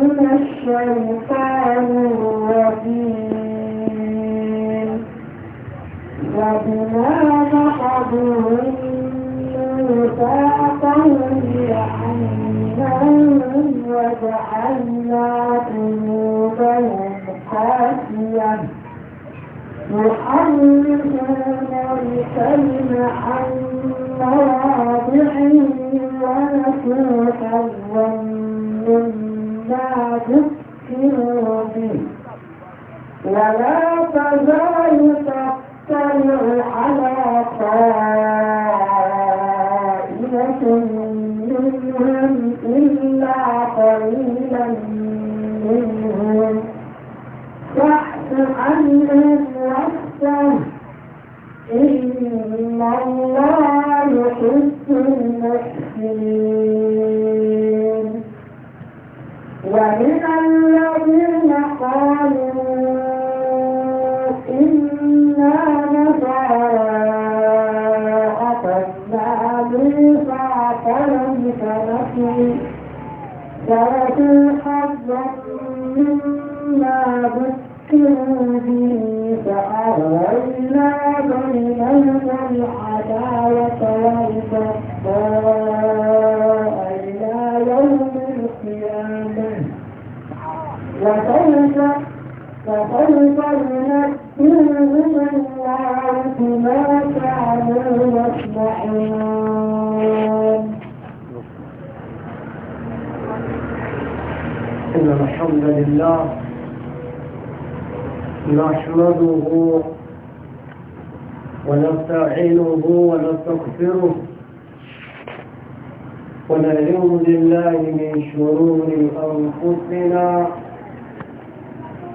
من الشيطان الرجيم وبما نحضوا ميثاقهم لعناهم وجعلنا قلوبهم قاسية يحرفون الكلم عن مواضعه ونسوا حظا ما به ولا تزال تطلع على طائفة منهم إلا قليلا منهم فاعف عنهم واحسن إن الله يحب المحسنين ومن الذين قالوا إنا نصارى أخذنا ميثاقهم فنسوا فنسوا حظا مما ذكروا به يوم القيامة وسوف فسوف ينبئهم الله بما كانوا يصنعون إن الحمد لله نحمده ونستعينه ونستغفره ونعوذ بالله من شرور أنفسنا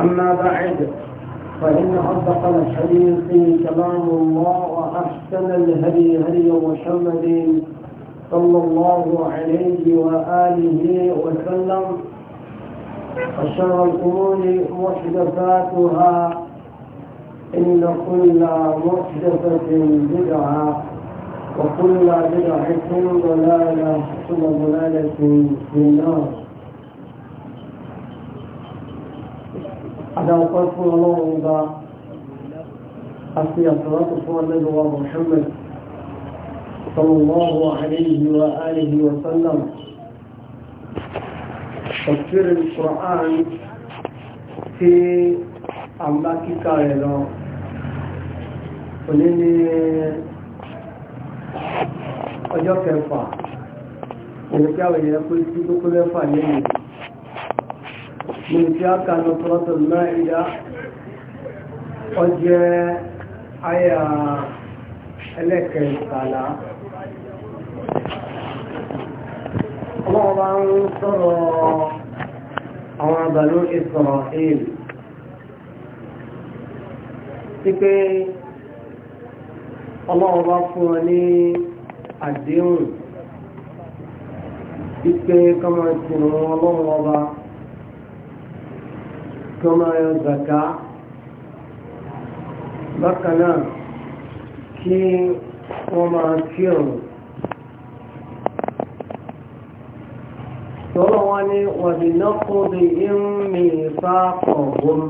أما بعد فإن أصدق الحديث كلام الله وأحسن الهدي هدي محمد صلى الله عليه وآله وسلم وشر الأمور محدثاتها إن كل محدثة بدعة وكل بدعة ضلالة ثم ضلالة في النار adáwọ̀pá fún ọlọ́run bá àti àtàwàtò fún ọlẹ́gbẹ̀wà Muhammad sallallahu alayhi wa alihi wa sallam tafsirin Qur'an tí a ń bá kíkà rẹ̀ lọ òní ní ọjọ́ kẹfà òní kí àwọn èèyàn pé tí kókó mẹ́fà lẹ́yìn من جاك نصرة المائدة ọjẹ́ àyà ẹlẹ́kẹ̀ẹ́kàlá ọlọ́wọ́ bá ń sọ̀rọ̀ àwọn àbàlú Israel tí pé ọlọ́wọ́ bá fún ọ ní àdéhùn tí kí wọ́n máa yan zaka bákan náà kí wọ́n máa kírun tọ́lọ́ wọn ni wàbí nọ́kùnrí ìrìnmì fáfọ̀hún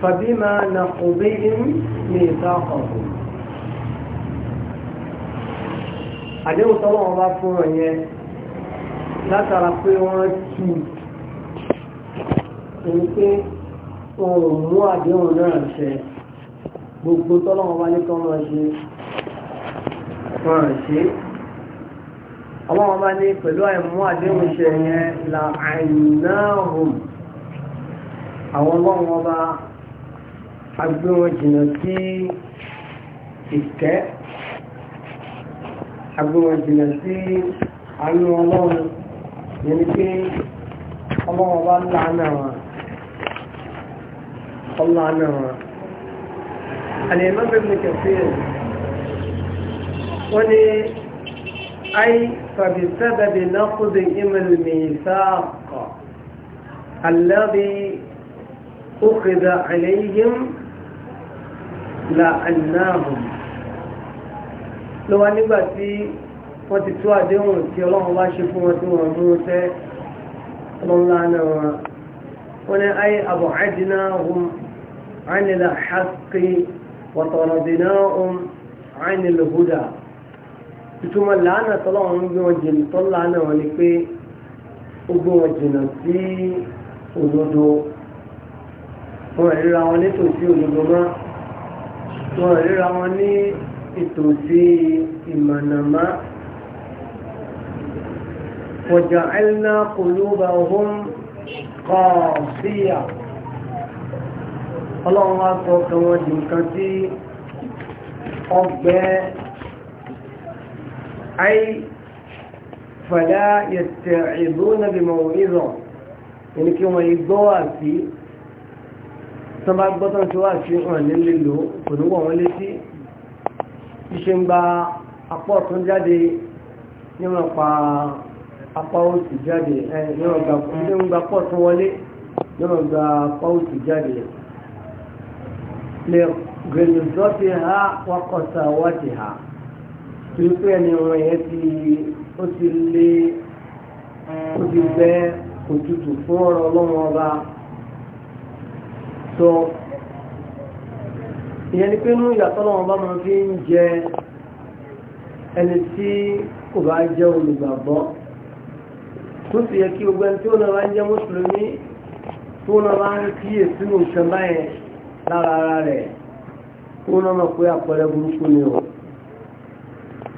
fàbímà nàkùnrí ìrìnmì fáfọ̀hún àdéhùn tọ́lọ́ wọn bá fún ọ̀yẹn látara pé wọ́n tún ṣe ni pé wọn ò mú àdéhùn náà ṣe gbogbo tọ́lọ́wọ́n bá ní kí wọ́n máa ṣe wọ́n ṣe àwọn ọmọ ní pẹ̀lú àìmú àdéhùn ṣe yẹn la àìnáhùn àwọn ọlọ́run ọba agbéwọn jìnà sí ìkẹ́ agbéwọn jìnà sí àánú ọlọ́run yẹn ni pé ọlọ́run ọba láàánà wọn الله عنهما الإمام ابن كثير ولي أي فبسبب نقضهم الميثاق الذي أخذ عليهم لعناهم لو أنبا في wọ́n ti tó àdéhùn tí ọlọ́run bá ṣe fún wọn tí wọ́n mú tẹ́ ọlọ́run lánàá wọn ni ayé àbọ̀ àdínà ohun عن الحق وطردناهم عن الهدى ثم làánà tọ́lọ́wọ́n gbé wọn jìnnà tó làánà wọn ni pé ó gbé wọn jìnnà sí òdodo wọn ríra wọn nítòsí òdodo mọ́ wọn ríra wọn ní ìtòsí ìmọ̀nàmá wọ̀jà ẹ̀lá kòlóbà ọ̀hún kọ̀ọ̀síyà ọlọ́run wá sọ pé wọ́n di nǹkan tí ọgbẹ́ ayé fàdá yẹ̀tẹ̀ ìbú nàbì mọ̀ ìzọ̀ ẹni kí wọ́n yí gbọ́ àti tán bá gbọ́ tán tí wá sí ọ̀rìn nílé lò kò ní wọ̀n létí iṣẹ́ ń gba apọ̀ tó jáde níwọ̀n pa apá òsì jáde níwọ̀n gba pọ̀ tó wọlé níwọ̀n gba apá òsì jáde لغلظتها وقساوتها torípé ẹni wọn yẹn ti ó ti lé ó ti bẹ òtútù fún ọ̀rọ̀ Ọlọ́run ọba sọ ìyẹn ni pé nínú ìyàtọ̀ Ọlọ́run ọba máa fi ń jẹ ẹni tí kò bá jẹ olùgbàgbọ́ tó sì yẹ kí gbogbo ẹni tí ó náà bá ń jẹ mùsùlùmí tó náà bá ń kíyè sínú ìṣẹ̀mbá yẹn lára ara rẹ̀ kó náà mọ̀ pé àpẹẹrẹ burúkú ni o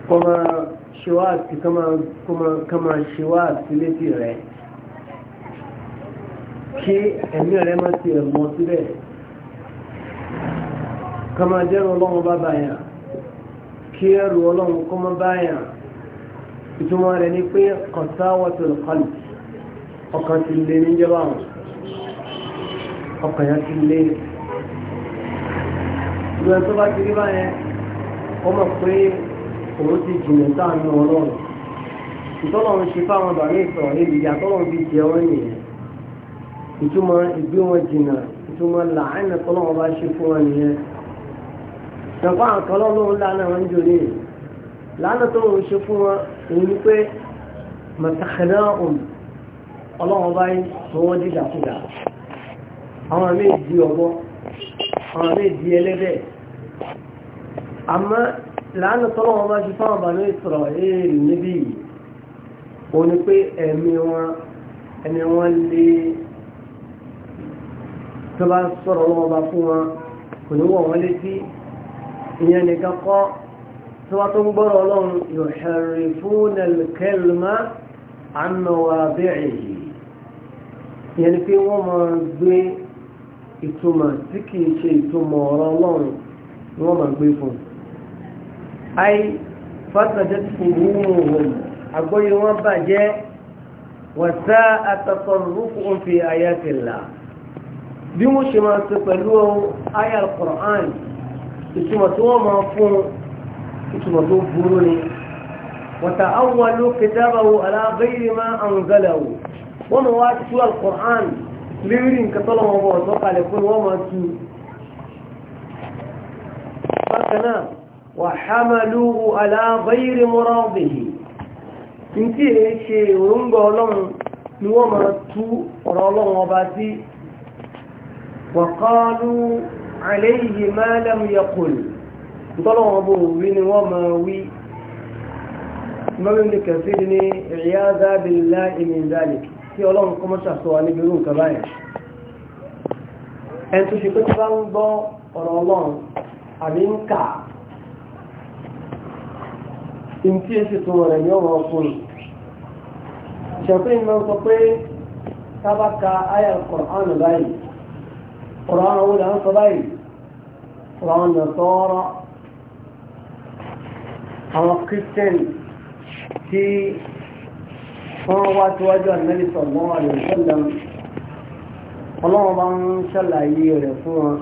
kọ́ máa ṣe wá àti kọ́ máa ṣe wá àti létí rẹ̀ kí ẹ̀mí rẹ̀ má ti rẹ̀ mọ́ síbẹ̀ kọ́ máa jẹ́rù ọlọ́run bá báyà kí ẹrù ọlọ́run kọ́ máa báyà ìtumọ̀ rẹ̀ ni pé kọ̀sáwọ́tò kọlù ọkàn ti lé níjọba ọkàn yẹn ti lé ìwé tó bá ti rí báyẹn ó mọ̀ pé òun ti jìnnà sáànù ọlọ́run ìtọ́lọ́run ṣe fáwọn bàbá ìsọ̀rọ̀ níbi ìyá tọ́lọ́run fi jẹ wọ́n nìyẹn ìtumọ̀ ìgbé wọn jìnnà ìtumọ̀ làánà tọ́lọ́run bá ṣe fún wọn nìyẹn ṣẹ̀fọ́ àwọn kan lánàá wọn jò ní lánàá tọ́lọ́run ṣe fún wọn èyí ni pé mọ̀tàkàdá òun ọlọ́run bá yín tó wọ́n dídàkudà àwọn àmì ìdí ọgbọ́ àwọn àmì ìdí ẹlẹ́dẹ̀ẹ́ àmọ́ láàánú tọ́lọ́ wọn bá ṣe fáwọn Banu Israel níbí òun ni pé ẹ̀mí wọn ẹni wọn lé tó bá sọ̀rọ̀ wọn bá fún wọn kò ní wọ̀ wọn létí ìyẹn nìkan kọ́ tó bá tó ń gbọ́rọ̀ ọlọ́run yuharrifuna al-kalima an mawaadi'ihi ìyẹn ni pé wọ́n máa gbé ìtumọ̀ tí kìí ṣe ìtumọ̀ ọ̀rọ̀ ọlọ́run ni wọ́n máa gbé fún un. أي فقدت فهومهم أقول يوم بجاء وساء تصرفهم في آيات الله bí wọ́n ṣe máa ṣe pẹ̀lú ayé al-Qur'an ìtumọ̀ tí wọ́n máa fún ìtumọ̀ tó burú ni wata awwalu kitabahu ala ghayri ma anzalahu wọ́n máa wá tú al lérí nǹkan tọ́lọ́ wọn bọ̀ tó kalẹ̀ fún wọn máa tú. وحملوه على غير مراضه ntí èyí ṣe òrùngbà ọlọ́run ni wọ́n máa tú ọ̀rọ̀ ọlọ́run ọba sí wàkọ́lù àléyìí máa lẹ́mu yẹkùn ntọ́lọ́run ọba òwí ni wọ́n máa wí mọ́rin ní kẹfì ní ìyá zábìlá ìmìnzálì tí ọlọ́run kọ́ mọ́ṣà sọ wa níbi irú nǹkan báyìí ẹni tó ṣe pé tí bá ń gbọ́ ọ̀rọ̀ ọlọ́run àbí ń kà á tí èsì tó rẹ̀ yóò wọ́n fún un ṣẹ̀fín máa ń sọ pé tábàkà ayà Qur'an báyìí Qur'an owó là ń sọ báyìí Qur'an nà sọ́ọ́rọ́ àwọn Christian tí wọ́n wá tíwájú ànábì sallallahu alaihi wasallam ọlọ́run bá ń ṣàlàyé rẹ̀ fún wọn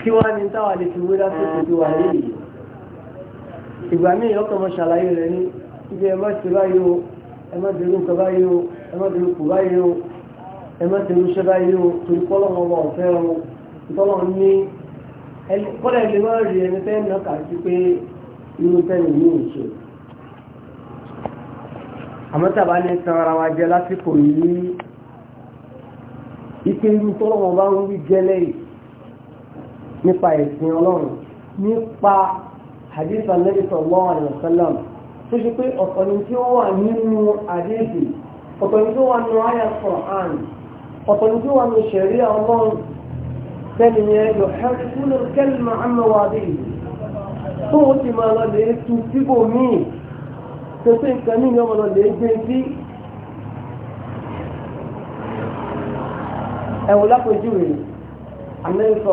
kí wọ́n ní táwà lè fi wé lásìkò tí wà nílùú ìgbà míì ọkọ̀ mọ́ ṣàlàyé rẹ̀ ní ibi ẹ má ṣe báyìí o ẹ má dèrú nǹkan báyìí o ẹ má dèrú kù báyìí o ẹ má dèrú iṣẹ́ báyìí o torí kọ́lọ́mọ ọba ọ̀fẹ́ o ìtọ́lọ́ ní kọ́lẹ̀ ilé má rí ẹni fẹ́ nà kà sí pé irú tẹ́lẹ̀ ní ìṣe. àmọ́ tàbá ní tan ara wa jẹ lásìkò yìí ike irú tọ́lọ́mọ ọba ń wí gẹ́lẹ́ yìí nípa ẹ̀sìn ọlọ́run nípa hadith anabi sallallahu alayhi wa sallam tó ṣe pé ọ̀pọ̀ ni tí ó wà nínú àdéhì ọ̀pọ̀ ni tí ó wà nínú àyà Qur'an ọ̀pọ̀ ni tí ó wà nínú ṣẹ̀rí àwọn bẹ́ẹ̀ni yẹn yóò hẹ́rù fún kẹ́lìmọ̀ àmọ́wá bíi tó wọ́n ti máa lọ lè tu síbò míì tó tó nǹkan ní ìyọ́mọ̀ lọ lè gbé sí. ẹ̀wọ̀n lápòjúwe àmẹ́ríkà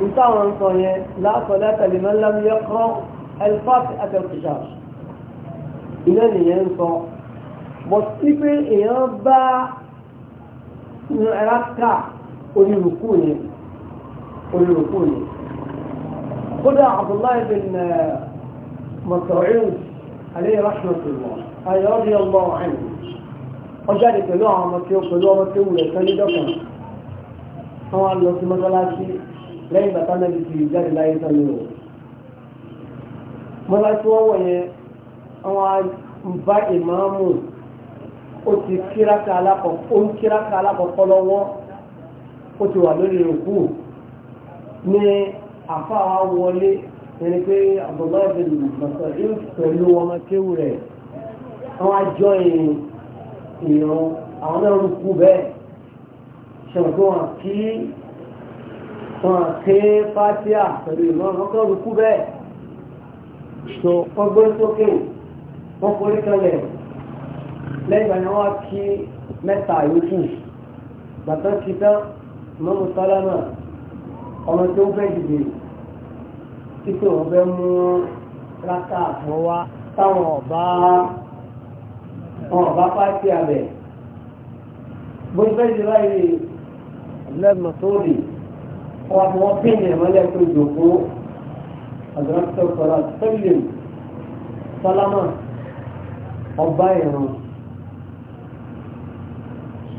ìtàwọn sọ yẹn láàkọ̀ látàlì mẹ́lẹ́m yẹ́kọ́ ẹlfàtì àtẹ̀kùṣà iná nìyẹn ń sọ bọ̀ sí pé èèyàn bá rákà onírùkú yẹn onírùkú yẹn kódà Abdullahi bin eh, Mas'ud alayhi rahmatullah ayé ọdún yẹn gbọ́ ọ̀hún ọjáde pẹ̀lú àwọn ọmọ tí ó pẹ̀lú ọmọ tí ó wù rẹ̀ sẹ́ni dọ́kàn àwọn àlọ́ sí mọ́tọ́lá sí lẹ́yìn bàtà náà ti jáde láyé tán ni o mo bá tí wọ́n wọ̀ yẹn àwọn bá ìmáàmù ó ti kíráka alákọ̀ọ́ ó ń kíráka alákọ̀ọ́ lọ́wọ́ ó ti wà lórí òkú ní àfáà wọlé ẹni pé Abdullahi bin Mas'ud pẹ̀lú ọmọ kéwù rẹ̀ àwọn àjọ èèyàn àwọn náà ń kú bẹ́ẹ̀ ṣàǹkóhàn kí wọn ké fátíà pẹ̀lú ìmọ̀ ọkọ̀rù kú bẹ́ẹ̀ so wọ́n gbé sókè wọ́n forí kalẹ̀ lẹ́yìn ìgbà yẹn wọ́n kí mẹ́ta yòókù bàtà kí tán mọ́mú sálámà ọmọ tó fẹ́ dìde títí wọn fẹ́ mú rákà fún wa táwọn ọba wọn ọba fátíà bẹ̀ bó fẹ́ dìde báyìí lẹ́mọ̀tò rèé wọ́n fi wọ́n pín ìrìn mọ́lẹ̀ tó dòkó àgbàtọ̀ kọ́lá sẹ́lẹ̀ sálámà ọba ìrùn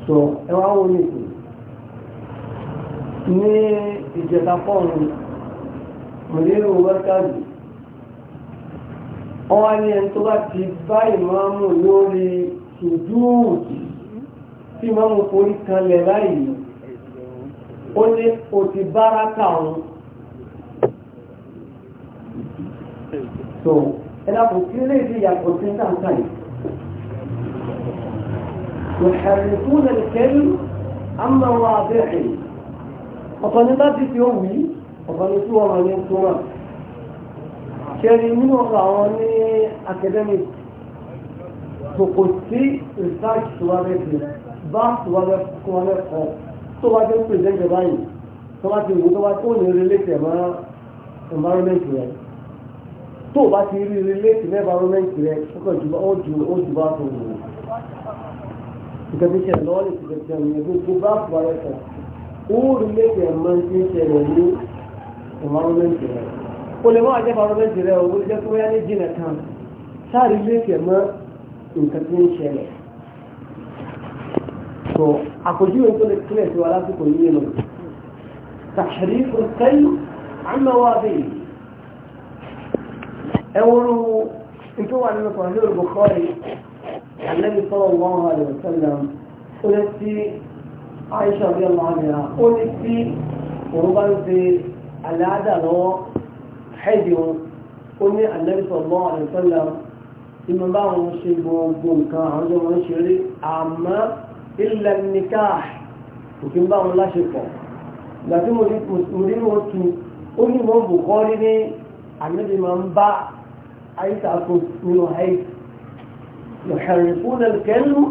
sọ ẹwà wo ni kù ní ìjẹta fọ́ọ̀nù mọ̀lẹ́rù wẹ́kàdì ọwọ́ ni ẹni tó bá ti bá ìmáàmù lórí sùdúùtì tí ìmáàmù forí kanlẹ̀ láyìí ó ní o ti báraka òun tó ẹlẹ́kùn kí lè di ìyàtọ̀ sí káńtà yìí يحرفون الكلم عما واضعه ọ̀kan ní láti fi òwú yìí ọ̀kan ní tí wọ́n máa ní tó wà kẹrin nínú ọ̀rọ̀ àwọn ní academic kò kò sí research tó wà lẹ́sìn bá tó wà lẹ́kọ̀ọ́ tó bá ti ń pèsè ìjọba yìí tó bá ti wò tó bá tó ní relate mọ́ environment rẹ̀ tó bá ti rí relate mọ́ environment rẹ̀ ó kàn jù ó jù ó jù bá tó wò nǹkan tí ń ṣẹlẹ̀ lọ́wọ́ lè ti tẹ̀síọ̀ ní ẹgbẹ́ tó bá fọ ayẹ kan ó relate mọ́ tí ń ṣẹlẹ̀ ní environment rẹ̀ o lè máa jẹ́ environment rẹ̀ o lè jẹ́ kó yá ní jìnnà kan sáà relate mọ́ nǹkan tí ń ṣẹlẹ̀ sọ àpòjúwe tó lè kílẹ̀ sí wa lásìkò yìí nù tàṣírí kẹ́lù àmọ́wá bẹ́ẹ̀ ẹ wúru nítorí wà nínú kan lórí Bukhari Ànábì sallallahu alaihi wasallam ó lè sí Aisha bí ọmọ àmìlá ó lè sí òun bá ń ṣe àlàádà lọ́wọ́ hẹ́ẹ̀dì ilẹ̀ nìkà òfin bá wọn láṣepọ̀ ìgbà tí mo rí wọn tu ó ní wọn bò kọ́ rí ní ànábì máa ń bá àyíká tó nínú àyè yòhàrìfúnà kẹlú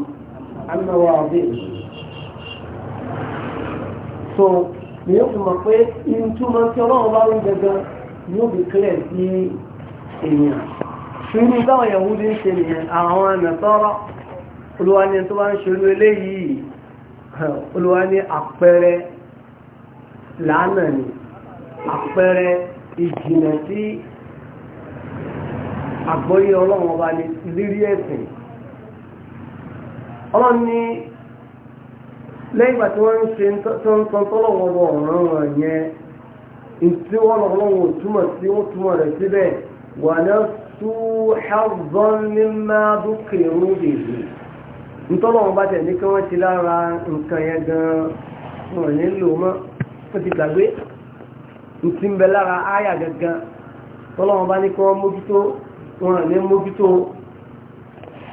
àmàwà àbí so ni yóò fi mọ̀ pé ìtumọ̀ tí ọlọ́run bá ń gẹ́gẹ́ ni ó fi kílẹ̀ sí èèyàn. Ṣé ní báwọn Yahudi ń ṣe nìyẹn àwọn ẹ̀mẹ̀tọ́rọ̀ olúwa ní tó bá ń ṣerú eléyìí olúwa ní àpẹẹrẹ lánàá ni àpẹẹrẹ ìjìnà sí àgbọ́yé ọlọ́run ọba ní ìrírí ẹ̀sìn ọlọ́run ní lẹ́yìn ìgbà tí wọ́n ń ṣe tó ń ọ̀ràn wọn yẹn ìtí wọn lọ́wọ́ túmọ̀ sí wọ́n túmọ̀ rẹ̀ síbẹ̀ wà náà tú ní máa dúkìrú bèbè nítọ́lọ́ wọn bá tẹ̀ ní kí wọ́n ti lára nǹkan yẹn gan-an wọn nílò mọ́ wọ́n ti gbàgbé ntí ń bẹ lára áyà gangan tọ́lọ́ wọn bá ní kí wọ́n mójútó wọn ní mójútó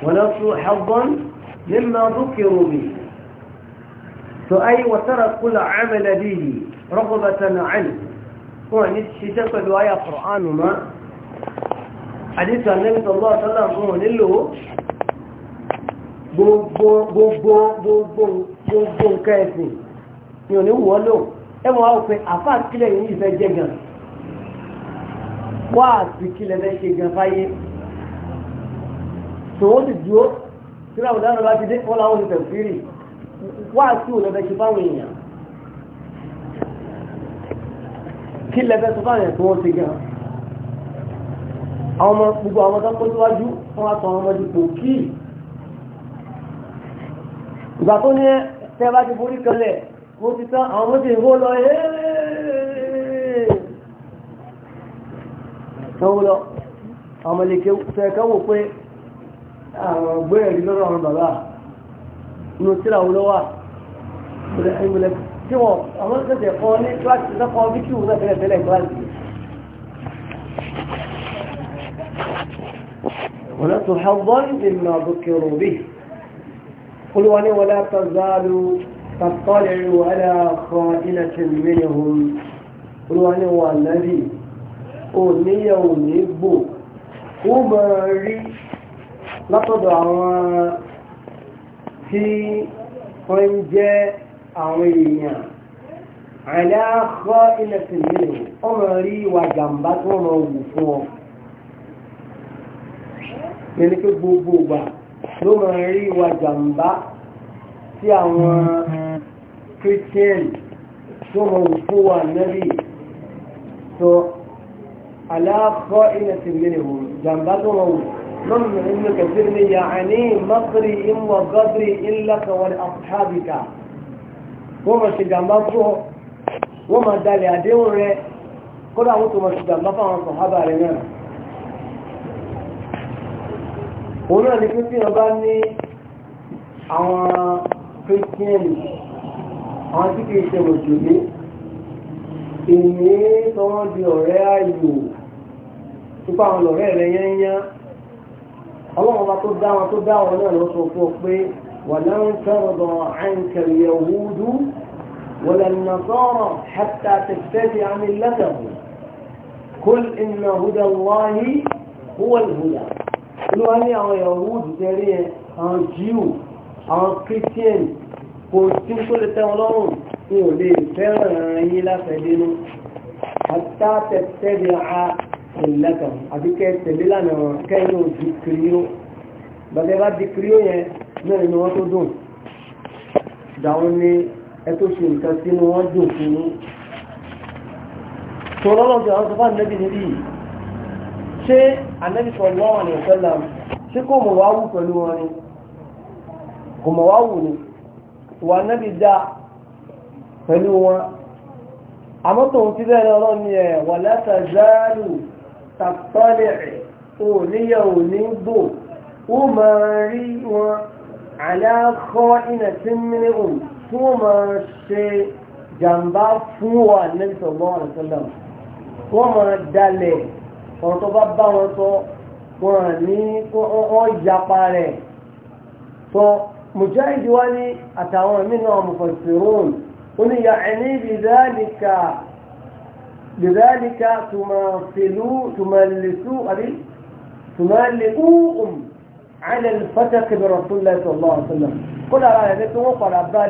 wọn lọ sún ẹ̀gbọ́n nínú dúkìá omi tó ayé wọ́n sára kúlọ̀ àmẹ́lẹ́ bí yìí rọ́gbọ́bàtà náà àná wọn ní ṣiṣẹ́ pẹ̀lú áyà kọ̀ọ̀ánù mọ́ àdìsàn níbi tọ́lọ́ gbogbo gbogbo gbogbo gbogbo nǹkan ẹ̀sìn ni ò ní wọ́ lò ẹ mọ̀ wá pé àfa kílẹ̀ yìí fẹ́ jẹ́ gan wá àti kílẹ̀ fẹ́ ṣe gan fáyé tòun ti dúró tí láwọn dáná bá ti dé wọn làwọn ti tẹ̀ fírì wá àti òun lọ́fẹ́ ṣe fáwọn èèyàn kílẹ̀ fẹ́ sọ fáwọn èèyàn tó wọ́n ti gan àwọn ọmọ gbogbo àwọn ọmọ tó ń kó síwájú wọn wá sọ àwọn ọmọdé kò kíì ìgbà tó ní tẹ́ bá ti borí kanlẹ̀ mo ti tán àwọn méjì ń hó lọ sanwó lọ àwọn ilé kẹwò pé àwọn gbé ẹ̀rí lọ́rọ̀ àwọn bàbá inú tíra wo lọ́wọ́ ìmùlẹ̀ tí wọ́n àwọn ìṣẹ̀ṣẹ̀ kan ní kíláàsì lọ́kọ̀ bí kí wọ́n náà tẹ́lẹ̀ tẹ́lẹ̀ kíláàsì wọ́n tó hàn bọ́ nínú àbúkẹ́rù bíi olúwa ní wọlé àtàzálù tàtọ́lẹ̀rù wàhálà kan ilẹ̀ tí mìíràn ohun olúwa ní wà lẹ́rì ò níyàwó ní gbò ó mọ̀ rí látọ̀dọ̀ àwọn tí wọ́n ń jẹ́ àwọn èèyàn àìláàkọ́ ilẹ̀ tí mìíràn ọmọ rí ìwà jàǹbá tó rọrùn fún ọ yẹn ni pé gbogbo gbà ló mọ̀ rí ìwà jàǹbá tí àwọn christian tó mọ̀ fún wa nẹ́bí tó aláàkọ́ ilẹ̀ ti mẹ́rin hù jàǹbá tó mọ̀ من ابن كثير يعني مصري إن وقدري إن لك ولأصحابك وما شجعنا وما دالي أدور كل أموت ما شجعنا فهم صحابة لنا òun náà ni pé tí wọ́n bá ní àwọn kírísítíẹ̀nì àwọn tí kìí ṣe mùsùlùmí èyí tó wọ́n di ọ̀rẹ́ ayò túpọ̀ àwọn ọ̀rẹ́ rẹ̀ yẹ́nyẹ́ ọlọ́run bá tó dá wọn tó dá wọn náà ló sọ fún ọ pé ولن ترضى عنك اليهود ولا النصارى حتى تتبع ملتهم قل إن هدى الله هو الهدى ló wá ní àwọn yahudu tẹ́rí ẹ àwọn jíù àwọn christian kò tí kó lè tẹ́ wọn lọ́rùn ní ò lè fẹ́ràn ara yín láfẹ̀ẹ́dínú àtàtẹ̀tẹ̀ bí a ìlẹ́kàn àbí kẹ́ tẹ̀lé lánà kẹ́yìn ò di kìrìó bàtẹ́ bá di kìrìó yẹn náà ni wọ́n tó dùn dáwọn ní ẹ tó ṣe nǹkan sínú wọ́n dùn fún un. tọ́lọ́lọ́jọ́ àwọn sọ́fà nẹ́bí níbí yìí ṣé anabi sallallahu alaihi wasallam ṣé kò mọ̀ wá wù pẹ̀lú wọn ni kò mọ̀ wá wù ni wà anabi dá pẹ̀lú wọn àmọ́ tòun ti bẹ́ẹ̀ lọ́rọ́ ni ẹ̀ wà látàzárù tàtọ́lẹ̀ òníyàwó ní gbò ó máa rí wọn aláàkọ́ ìnà tí mímí òun tí wọ́n máa ṣe jàǹbá fún wa nẹ́bí sọ̀gbọ́n àlùsọ́lá ọ̀rọ̀ tó bá bá wọn sọ wọn ní wọ́n yapa rẹ̀ sọ mujahid wa ní àtàwọn mìíràn mufassirun ó ní ya ẹni bìdálìkà bìdálìkà tùmọ̀fìlú tùmọ̀lìsú àbí tùmọ̀lìkúùm alẹ́ fàtàkì bi rasulillah sallallahu alaihi wasallam kó dára rẹ̀ pé wọ́n padà bá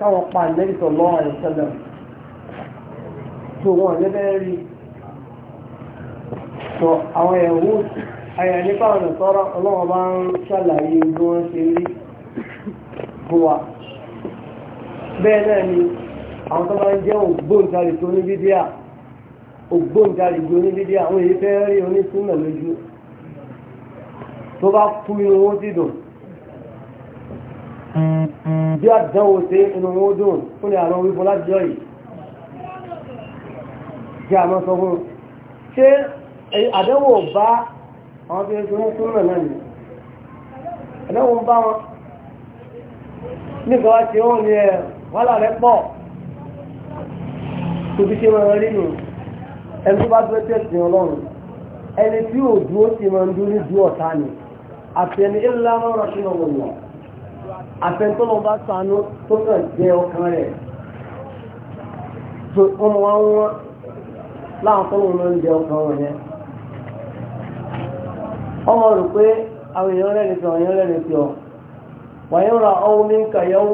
káwọn pa nẹ́bí sallallahu alaihi tó wọn lẹ́bẹ̀ẹ́ rí sọ àwọn ẹ̀wú ayà nípa ọ̀nà tọ́rọ ọlọ́wọ́ bá ń ṣàlàyé bí wọ́n ṣe rí bó wa bẹ́ẹ̀ náà ni àwọn tó máa ń jẹ́ ògbóǹtarì tó ní bídíà ògbóǹtarì tó ní bídíà àwọn èyí fẹ́ rí onísúnà lójú tó bá kú inú wọn ti dùn bí àdánwò sí inú wọn dùn fún ni àwọn wíwọ lájọ yìí tí a mọ́ sọ fún ṣé àdánwò bá àwọn tí ó ti mú fún náà náà ni àdánwò bá wọn nígbà tí ó ní ẹ wàhálà rẹ pọ̀ tóbi ṣe máa rí nù ẹni tó bá dúró tẹ̀sí ọlọ́run ẹni tí ò dúró ti máa ń dúró ní dúró ọ̀tá ni àtẹni ńlá máa rọ̀ sínú ọmọ wọn àfẹnutọ́lọ́ bá sànú tó kàn jẹ ọkàn rẹ̀ ọmọ wa láwọn tó lóun ló ń jẹ ọkàn wọn yẹn ọmọ rò pé àwọn èèyàn rẹ̀ nìkan èèyàn rẹ̀ nìkan wàyẹn ra ọwọ́ mi kà ya ó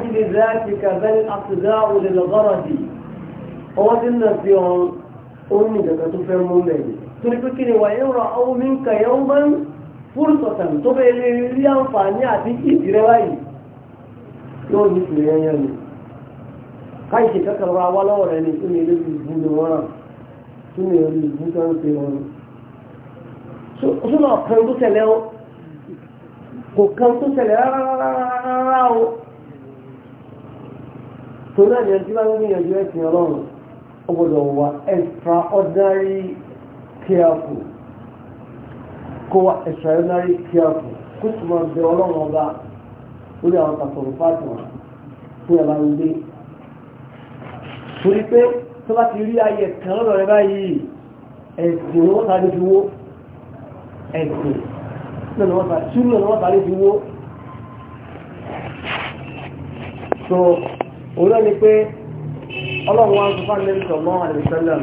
ní ti lè lọ́gọ́rọ̀ ọwọ́ tí ń nà sí ọ̀run ó ní ìdàgbà tó fẹ́ mú mẹ́rin torí pé kí ni wà ń rọ àwọn omi ń kà yẹn ń bá ń fúrùsọ̀tàn tó bẹ́ẹ̀ lè rí àǹfààní àti ìdí rẹ báyìí yóò ní ìṣòro yẹn ni káyìí kankan ra ni kí ni eléyìí ni wọ́n rà kí ni eléyìí ìbú tó ń pe wọn. sọ́nà kan tó tẹ̀lé o kò kan tó tẹ̀lé rárá o. torí àyẹ̀dí bá ń gbìyànjú ọlọ́run ó gbọ́dọ̀ wà extraordinary careful kó wà extraordinary careful kó sì máa bẹ ọlọ́run ọba lórí àwọn tàkùrù fáàtì wọn tó yẹ máa ń gbé torí pé tó bá ti rí ayẹ kan lọ́dọ̀ rẹ báyìí ẹ̀sìn ni wọ́n sáré fi ẹ̀sìn lọ́nà wọ́n sáré lọ́nà wọ́n sáré fi so òun náà ni pé ọlọ́run wá ń fà lẹ́yìn sọ̀mọ́ àdìsẹ́lẹ̀m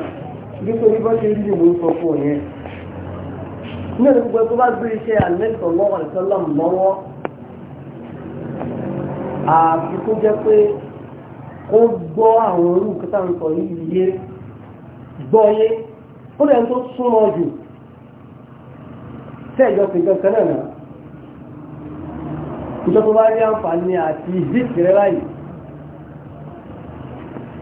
nípa bí wọ́n ṣe rí ìwé sọ fún yẹn ní ẹ̀rọ gbogbo tó bá gbé iṣẹ́ àlẹ́yìn sọ̀mọ́ àdìsẹ́lẹ̀m mọ́wọ́ àfi kó jẹ́ pé ó gbọ́ àwọn orú kẹta ń sọ yìí yé gbọ́ yé ó lẹ́yìn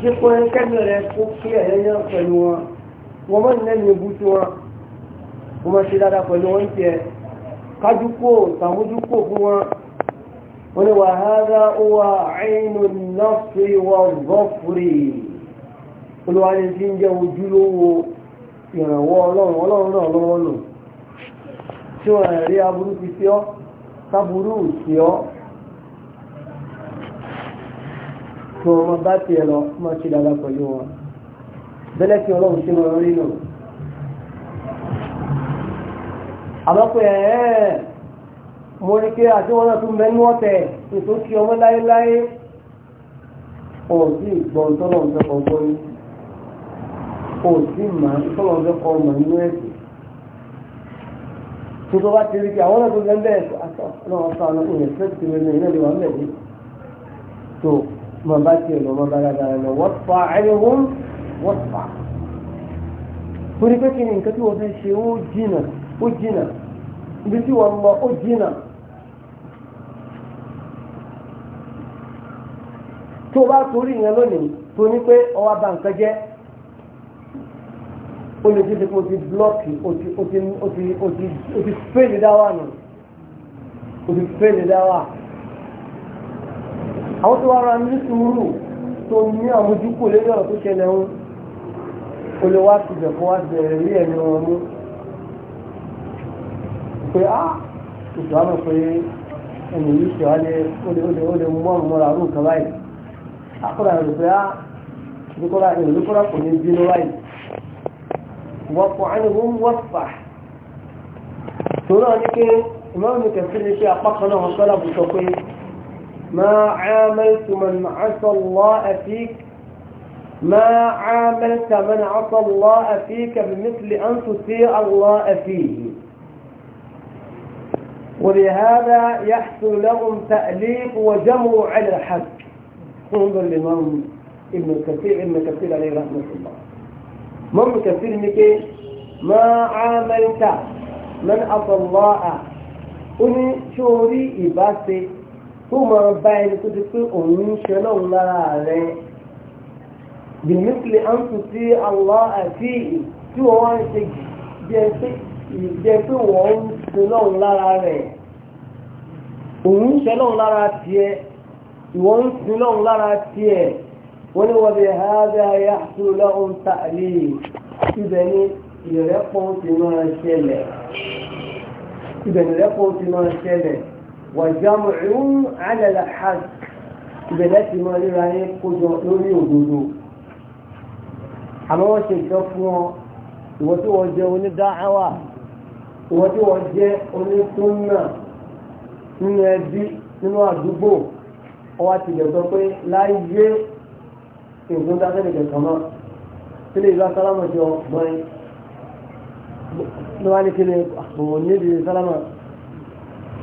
sípò kẹ́mi rẹ̀ kó kí ẹ̀yẹ́ yẹn pẹ̀lú wọn wọ́n mọ̀ ní ẹ̀mí ebú tí wọ́n wọ́n mọ̀ ṣe dáadáa pẹ̀lú wọn tiẹ̀ kájú kó tàmójú kó fún wọn wọ́n ní wàhálà ó wà àìnù nọ́ọ̀sì wà gọ́fùrì olùwàlẹ̀ ti ń jẹ́ ojúlówó ìrànwọ́ ọlọ́run ọlọ́run náà lọ́wọ́ lò tí wọ́n rí aburú ti sí ọ́ sábúrú sí ọ́ tó ọmọ bá tiẹ̀ lọ má ṣe dáadáa pẹ̀lú wọn bẹ́lẹ̀ tí ọlọ́run ṣe máa rí nù. àbọ̀pẹ̀ ẹ̀ẹ́ mo rí pé àti wọn náà tún bẹ ní ọ̀tẹ̀ ètò kí ọmọ láéláé òsì ìgbọ̀n tọ́lọ̀ ń fẹ́kọ̀ọ́ gbọ́ ní òsì mà tọ́lọ̀ ń fẹ́kọ̀ọ́ mà nínú ẹ̀sìn tó tó bá ti rí pé àwọn náà tún bẹ àtọ̀ náà sọ àwọn ìrẹsẹ̀ ti rẹ̀ ní mọ̀ bá tiẹ̀ lọ mọ̀ bá dáadáa lọ wọ́n fa ẹ̀yẹ̀wọ́n wọ́n fa. torí pé kí ni nǹkan tí wọ́n fẹ́ ṣe ó jìnà ó jìnà ibi tí wọ́n mọ ó jìnà. tó o bá torí yẹn lónìí tó ní pé ọwọ́ bá nǹkan jẹ́ ó lè ṣe pé o ti blọ́ọ̀kì o ti fẹ́ẹ̀lì dáwà nù o ti fẹ́ẹ̀lì dáwà nù àwọn tó wára ní sùúrù tó ní àmójúkò lórí ọ̀rọ̀ tó ṣẹlẹ̀ ń o lè wá ti bẹ̀kọ́ wá bẹ̀rẹ̀ rí ẹ̀mí wọn mú pé á ìṣọ́ àmọ̀ pé ẹni yìí ṣe wá lé ó lè mú ọ̀rùn mọ́ra rú nǹkan báyìí akọ́dà rẹ̀ pé á ìdíkọ́dà ìrìnlẹ́kọ́dà kò ní bínú báyìí wọ́n pọ̀ á ní wọ́n wọ́n fà tòun náà ní pé ما عاملت من عصى الله فيك ما عاملت من عصى الله فيك بمثل أن تطيع الله فيه ولهذا يحصل لهم تأليف وجمع على الحق انظر الإمام ابن كثير ابن كثير عليه رحمة الله من كثير مكي ما عاملت من عصى الله أني شوري إباسي tó máa bá ẹni tó ti pé òun ń ṣe lọ́run lára rẹ̀ bìnnífìlẹ̀ à ń tún sí àwọn àti tí wọ́n wá ń ṣe jẹ́ pé wọ́n ń ṣe lọ́run lára rẹ̀ òun ń ṣe lọ́run lára tiẹ̀ ìwọ́n ń ṣe lọ́run lára tiẹ̀ wọ́n ní wọ́n bí hàdá yá tó lọ́run tààlì ibẹ̀ ni ìrẹ́pọ̀ ti máa ṣẹlẹ̀ ibẹ̀ ni ìrẹ́pọ̀ ti máa ṣẹlẹ̀. وجمع على الحق بلاتي ما لراني قدو لوري òdodo àmọ́ wọ́n ṣe nǹkan fún ọ ìwọ tí wọ́n jẹ́ onídáhàwà ìwọ tí wọ́n jẹ́ onísúnnà nínú ẹbí nínú àdúgbò ọwọ́ ti lè sọ pé láyé nǹkan dáṣẹ́ nìkan kan náà tí lè gba sálámà jọ gbọ́n ní wọ́n ní kí ni àpò ah, níbi sálámà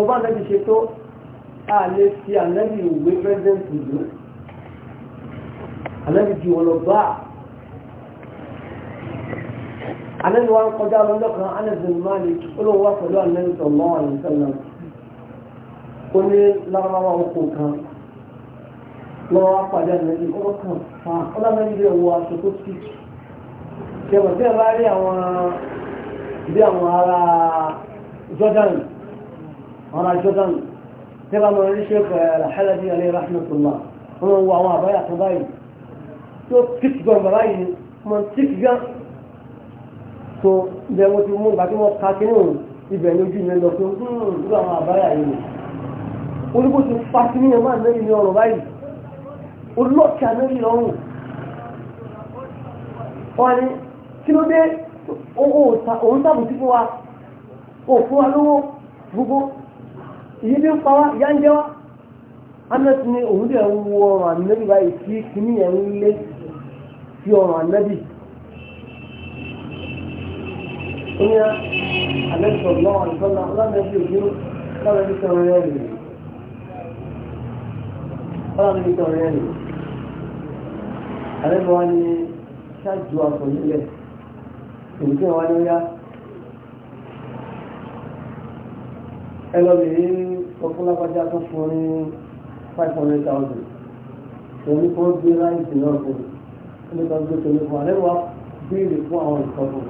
ọba ànábì ṣe tó a lè fi ànábì ìwé president ìlú ànábì ju ọlọ́gbà ànábì wa ń kọjá lọ́jọ́ kan ànábì Malik olóhùn wa pẹ̀lú ànábì sọ̀mọ́ àlùsọ̀lá ó ní lárúbáwá oko kan wọ́n wá pàdé ànábì ọ̀rọ̀ kan fa ọlọ́mọdé wọ aṣọ tó ti ṣẹ̀wọ̀n tí ẹ bá àwọn bí àwọn ورجلا تبع من الشيخ الحلبي عليه رحمة الله هو هو بايع قبائل تو كتبوا مرايين من تكجا tó bẹ wọ́n ti mú ìgbà tí wọ́n ka kí nù ibẹ̀ lójú yẹn lọ tó ń gbọ́ àwọn àbáyà yìí ni olùkó ti fa sí ní ọmọ àná ìní ọrọ̀ báyìí olóòkè àná ìní ọrùn wọn ni kí ló dé òun tàbùtì fún wa òfin wa lówó gbogbo èyí bí ń pa wá ìyá ń jẹ wá anẹ́tì ni òun dẹ̀ ń wo ọrùn ànábì báyìí tí kìíní yẹn ń lé sí ọrùn ànábì ó ní ànábì sọ̀rọ̀ lọ́wọ́ àìsọ́nà ọlọ́mọdé òjò ọlọ́mọdé sọ̀rọ̀ rẹ̀ rè ọlọ́mọdé sọ̀rọ̀ rẹ̀ rè ànábì wa ni ṣáàjú àpọ̀ nílẹ̀ èyí tí wọ́n wá ní ó yá ẹlọ́bìnrin sọ fún lápájá tó fún ní five hundred thousand tòun kò gbé láìsí náà fún un nípa gbé tòun fún alẹ́ wa béèrè fún àwọn ìtọ́jú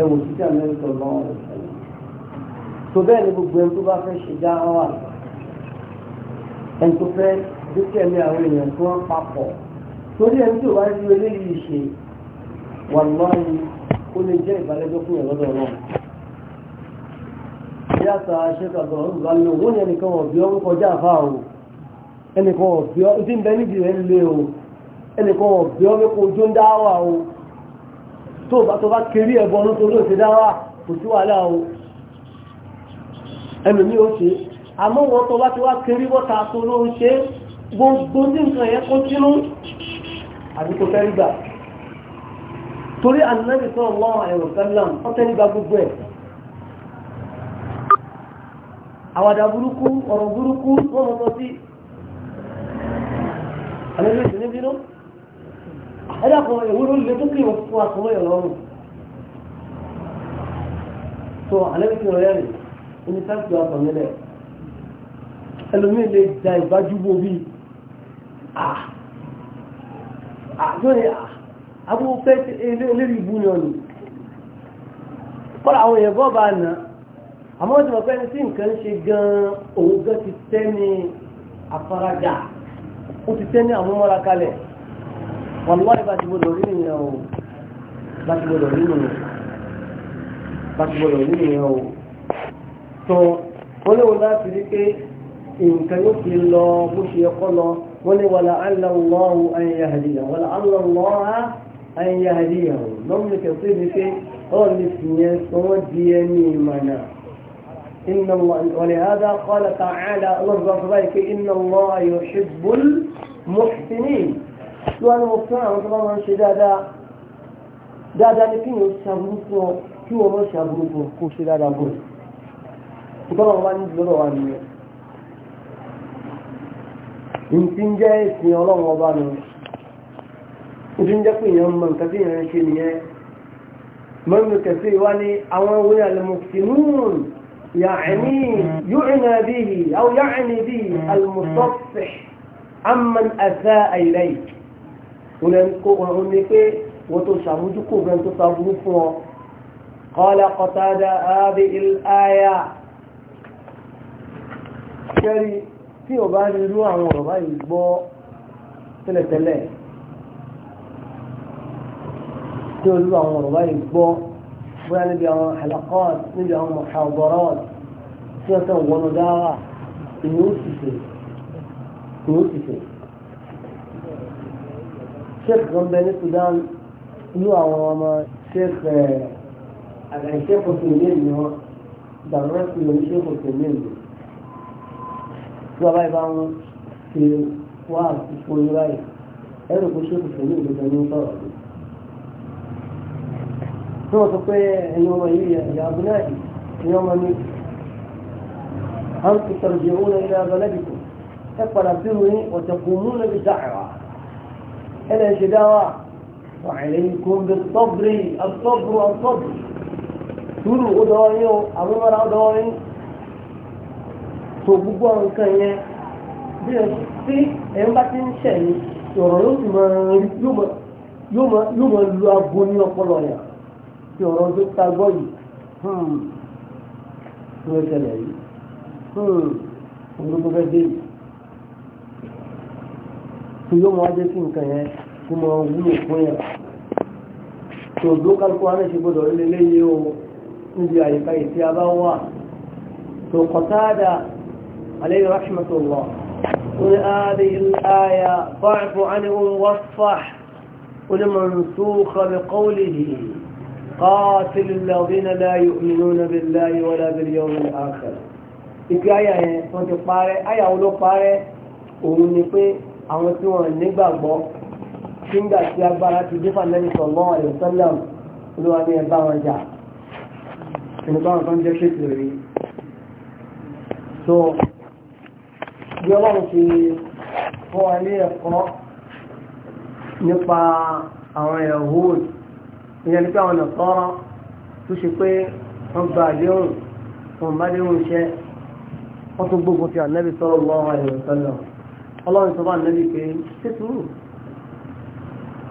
ẹ̀wọ̀n títí àmẹ́rin sọ lọ́wọ́ tó bẹ́ẹ̀ ni gbogbo ẹni tó bá fẹ́ ṣe dá wà ẹni tó fẹ́ dúkìá ní àwọn èèyàn tó ń papọ̀ torí ẹni tó wá rí eléyìí ṣe wà lọ́yìn ó lè jẹ́ ìbálẹ́jọ́ fún ìrọ́dọ̀ náà ìyá ta ṣẹ́kà sọ̀rọ̀ ń gbani owó ní ẹnìkan ọ̀bí ọ́ kọjá àfà o ẹnìkan ọ̀bí ọ́ ti ń bẹ níbi rẹ̀ lé o ẹnìkan ọ̀bí ọ́ mẹ́kọ̀ ojú ń dá wà o tó bá tó bá kiri ẹ̀bọ ní torí òsè dá wà kò sí wàhálà o o ṣe àmọ́ wọn tó bá ti wá kiri wọ́n ta tó ló ń ṣe gbogbo ní nǹkan yẹn kó sínú àbí kò fẹ́ rí gbà torí ànábì sọ̀rọ̀ lọ́wọ́ àyẹ̀wò sẹ́lẹ̀m ọ́ tẹ́lẹ̀ gba gbogbo ẹ̀ àwàdà burúkú ọ̀rọ̀ burúkú wọ́n mọ̀ sí àlejò ìsìn níbí náà ẹ̀dá kan ìwúrò lè tó kí wọ́n fún àkọ́wọ́ ìrọ̀rùn tó àlejò ìsìn rẹ̀ rìn ní sáàtì ọ̀sán nílẹ̀ ẹlòmíì lè da ìbájú wo bí àjọyìn àbúfẹ́ ilé ìbú ni ọ̀nà kọ́ra àwọn èèyàn bọ́ bá náà àmọ́ ìjọba pé ẹni tí nǹkan ṣe gan-an òun gan ti tẹ́ ní afárádà ó ti tẹ́ ní àwọn mọ́ra kalẹ̀ wàlúwàlú bá ti gbọdọ̀ rí nìyẹn o bá ti gbọdọ̀ rí nìyẹn bá ti gbọdọ̀ rí nìyẹn o tó wọ́n léwu láti rí pé nǹkan yóò fi lọ bó ṣe yẹ kọ́ lọ wọ́n ní wàlá aláwọ̀ an yahdiyahum wàlá aláwọ̀ an yahdiyahum lọ́mọdé kẹfẹ́ mi pé ọ̀rọ̀ mi fi yẹn di ẹni ìmọ̀nà. إن الله ولهذا قال تعالى الله ذلك إن الله يحب المحسنين وأنا مقتنع طبعا شدادا دادا لكن يشابروكو كي وما شابروكو كو شدادا بوي وطبعا ما نجلو عنه ìpín jẹ́ ìsìn ọlọ́run ọba nù ìpín jẹ́ pé èèyàn mọ̀ nǹkan tí èèyàn يعني يعنى به أو يعني به المصفح عمن أساء إليك هناك هناك وتشهد كفرا تصرفا قال قتادة هذه الآية كري في أبان الروع مرضى يسبوع ثلاثة ليل في أبان الروع مرضى يسبوع ونبيع حلقات نبيع محاضرات سياسة ونداوة نوتسي نوتسي شيخ غنبان السودان نوع وراما شيخ أنا آه، يعني شيخ السودان نوع درس من شيخ السودان نوع باي باون في واس في شوي راي أنا كنت شيخ السودان بدأ نوع طرق tí wọ́n sọ pé ẹ̀yin ọmọ yìí ìyá abúlé ẹ̀yin ọmọ mi à ń tún sọ̀rọ̀ jẹun ní ilé abúlé bìkú ẹ padà sí mi ọ̀tẹ̀kùn mú níbi dáhà ẹ lè ṣe dáwà وعليكم بالصبر الصبر الصبر sùúrù ó dọ́wọ́ yín o àmúmọ́ra ó dọ́wọ́ yín tó gbogbo àwọn nǹkan yẹn bí ẹ tí ẹ ń bá ti ń ṣẹ̀ ní ọ̀rọ̀ yóò sì máa yóò máa lu aago ní ọpọlọ yẹn tí ọ̀rọ̀ tó ta gbọ́ yìí tó hmm. ń ṣẹlẹ̀ yìí hmm. olóko fẹ́ dé yìí tó yóò máa jẹ́ kí nǹkan yẹn kó máa wúlò fún yẹn tó dó kálukú alẹ́ ṣe gbọ́dọ̀ lé léyìí o níbi àyíká yìí tí a bá wà tó Qatada alayhi rahmatullah قل هذه الآية ضعف عنهم واصفح قل منسوخ بقوله قاتل الذين لا يؤمنون بالله ولا باليوم الآخر ìpí àyà yẹn wọ́n ti parẹ́ àyà wọn ló parẹ́ òun ni pé àwọn tí wọ́n nígbàgbọ́ tí ń gbà tí agbára ti dé fàlẹ́yìn sọ̀lọ́ àlùsọ́lẹ̀m olúwa ní ẹ̀bá wọn jà ẹni bá wọn tó ń jẹ́ kéèkì rí so bí ọlọ́run ti fọ́ wa ní ẹ̀kọ́ nípa àwọn Yahudi ìyẹn ni pé àwọn nàfọ́rọ́ tó ṣe pé wọ́n gba àdéhùn wọn bá déhùn iṣẹ́ wọ́n tó gbógun ti ànábì sallallahu alaihi wasallam ọlọ́run tó bá ànábì pé ṣé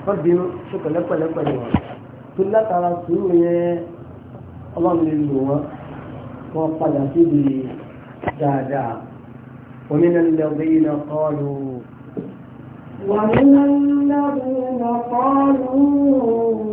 wọ́n bínú ṣe pẹ̀lẹ́pẹ̀lẹ́pẹ̀lẹ́ wọn tó látara sùúrù yẹn ọlọ́run lè lò wọ́n wọ́n padà síbi dáadáa ومن الذين قالوا ومن الذين قالوا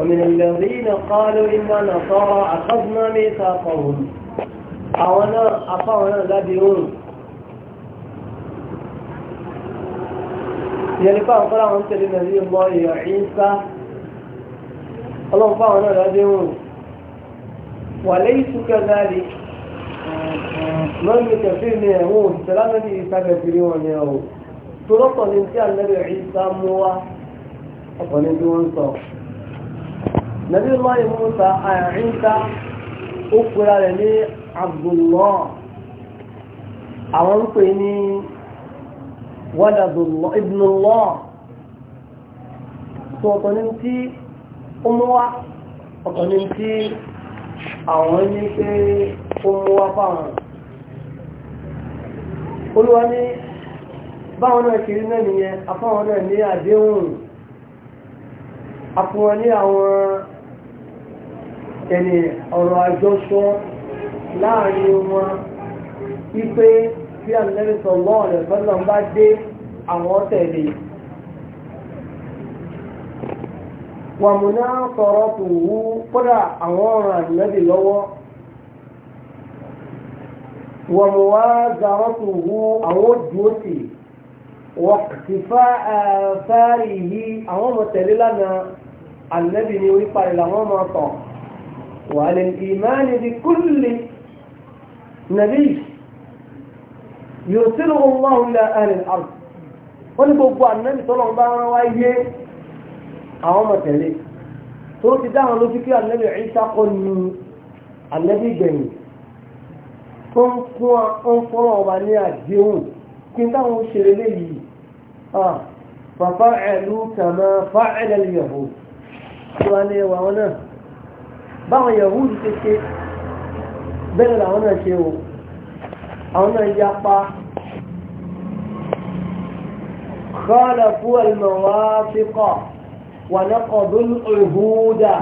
ومن الذين قالوا إنا نصارى أخذنا ميثاقهم أونا أخونا لابيون يعني فهم قال أنت لنبي الله يا عيسى اللهم فهمنا لابيون وليس كذلك من يكفر من يهود سلامة عيسى كفرون يهود تلطى الانتهى النبي عيسى موه أقول أنت وانصر nàbí lọ́yìn musa àyàríńsá ó pera rẹ̀ ní abdullah àwọn ń pè ní wàdàdùlọ́ ibnullah tó ọ̀tọ̀ ní tí ó mú wá ọ̀tọ̀ ní tí àwọn ní pé ó mú wá fáwọn olúwa ní báwọn náà kiri náà nìyẹn afáwọn náà ní àdéhùn afúnwọn ní àwọn ẹni ọ̀rọ̀ àjọṣọ láàrin wọn wípé tí àmìlẹ́rì sọ lọ́wọ́ rẹ̀ fẹ́lọ́ bá dé àwọn tẹ̀lé wàmúná sọ̀rọ̀ tó wú kódà àwọn ọ̀rọ̀ àmìlẹ́rì lọ́wọ́ wàmúwá zàrọ̀ tó wú àwọn òdùó sí wàkìfà àfáàrí yìí àwọn ọmọ tẹ̀lé lánàá àmìlẹ́rì orí parí làwọn ọmọ tọ̀. وعلى الإيمان بكل نبي يرسله الله إلى أهل الأرض wọ́n gbogbo ànábì tọ́lọ̀ bá wọn wá yé àwọn ọmọ tẹ̀lé tó ti dáhùn lójú kí ànábì Ìsá kọ́ ni ànábì gbẹ̀yìn tó ń kún ń fọ́nà ọba ní àdéhùn kí n táwọn ṣe léyìí fàfáẹ̀lú kàmá fáẹ̀lẹ̀ yẹ̀hùn tó wá ní ẹwà wọn náà báwọn Yahudi ṣe ṣe bẹ́ẹ̀ làwọn náà ṣe o àwọn náà yapa khalafu al-mawafiqa wa naqadu al-uhuda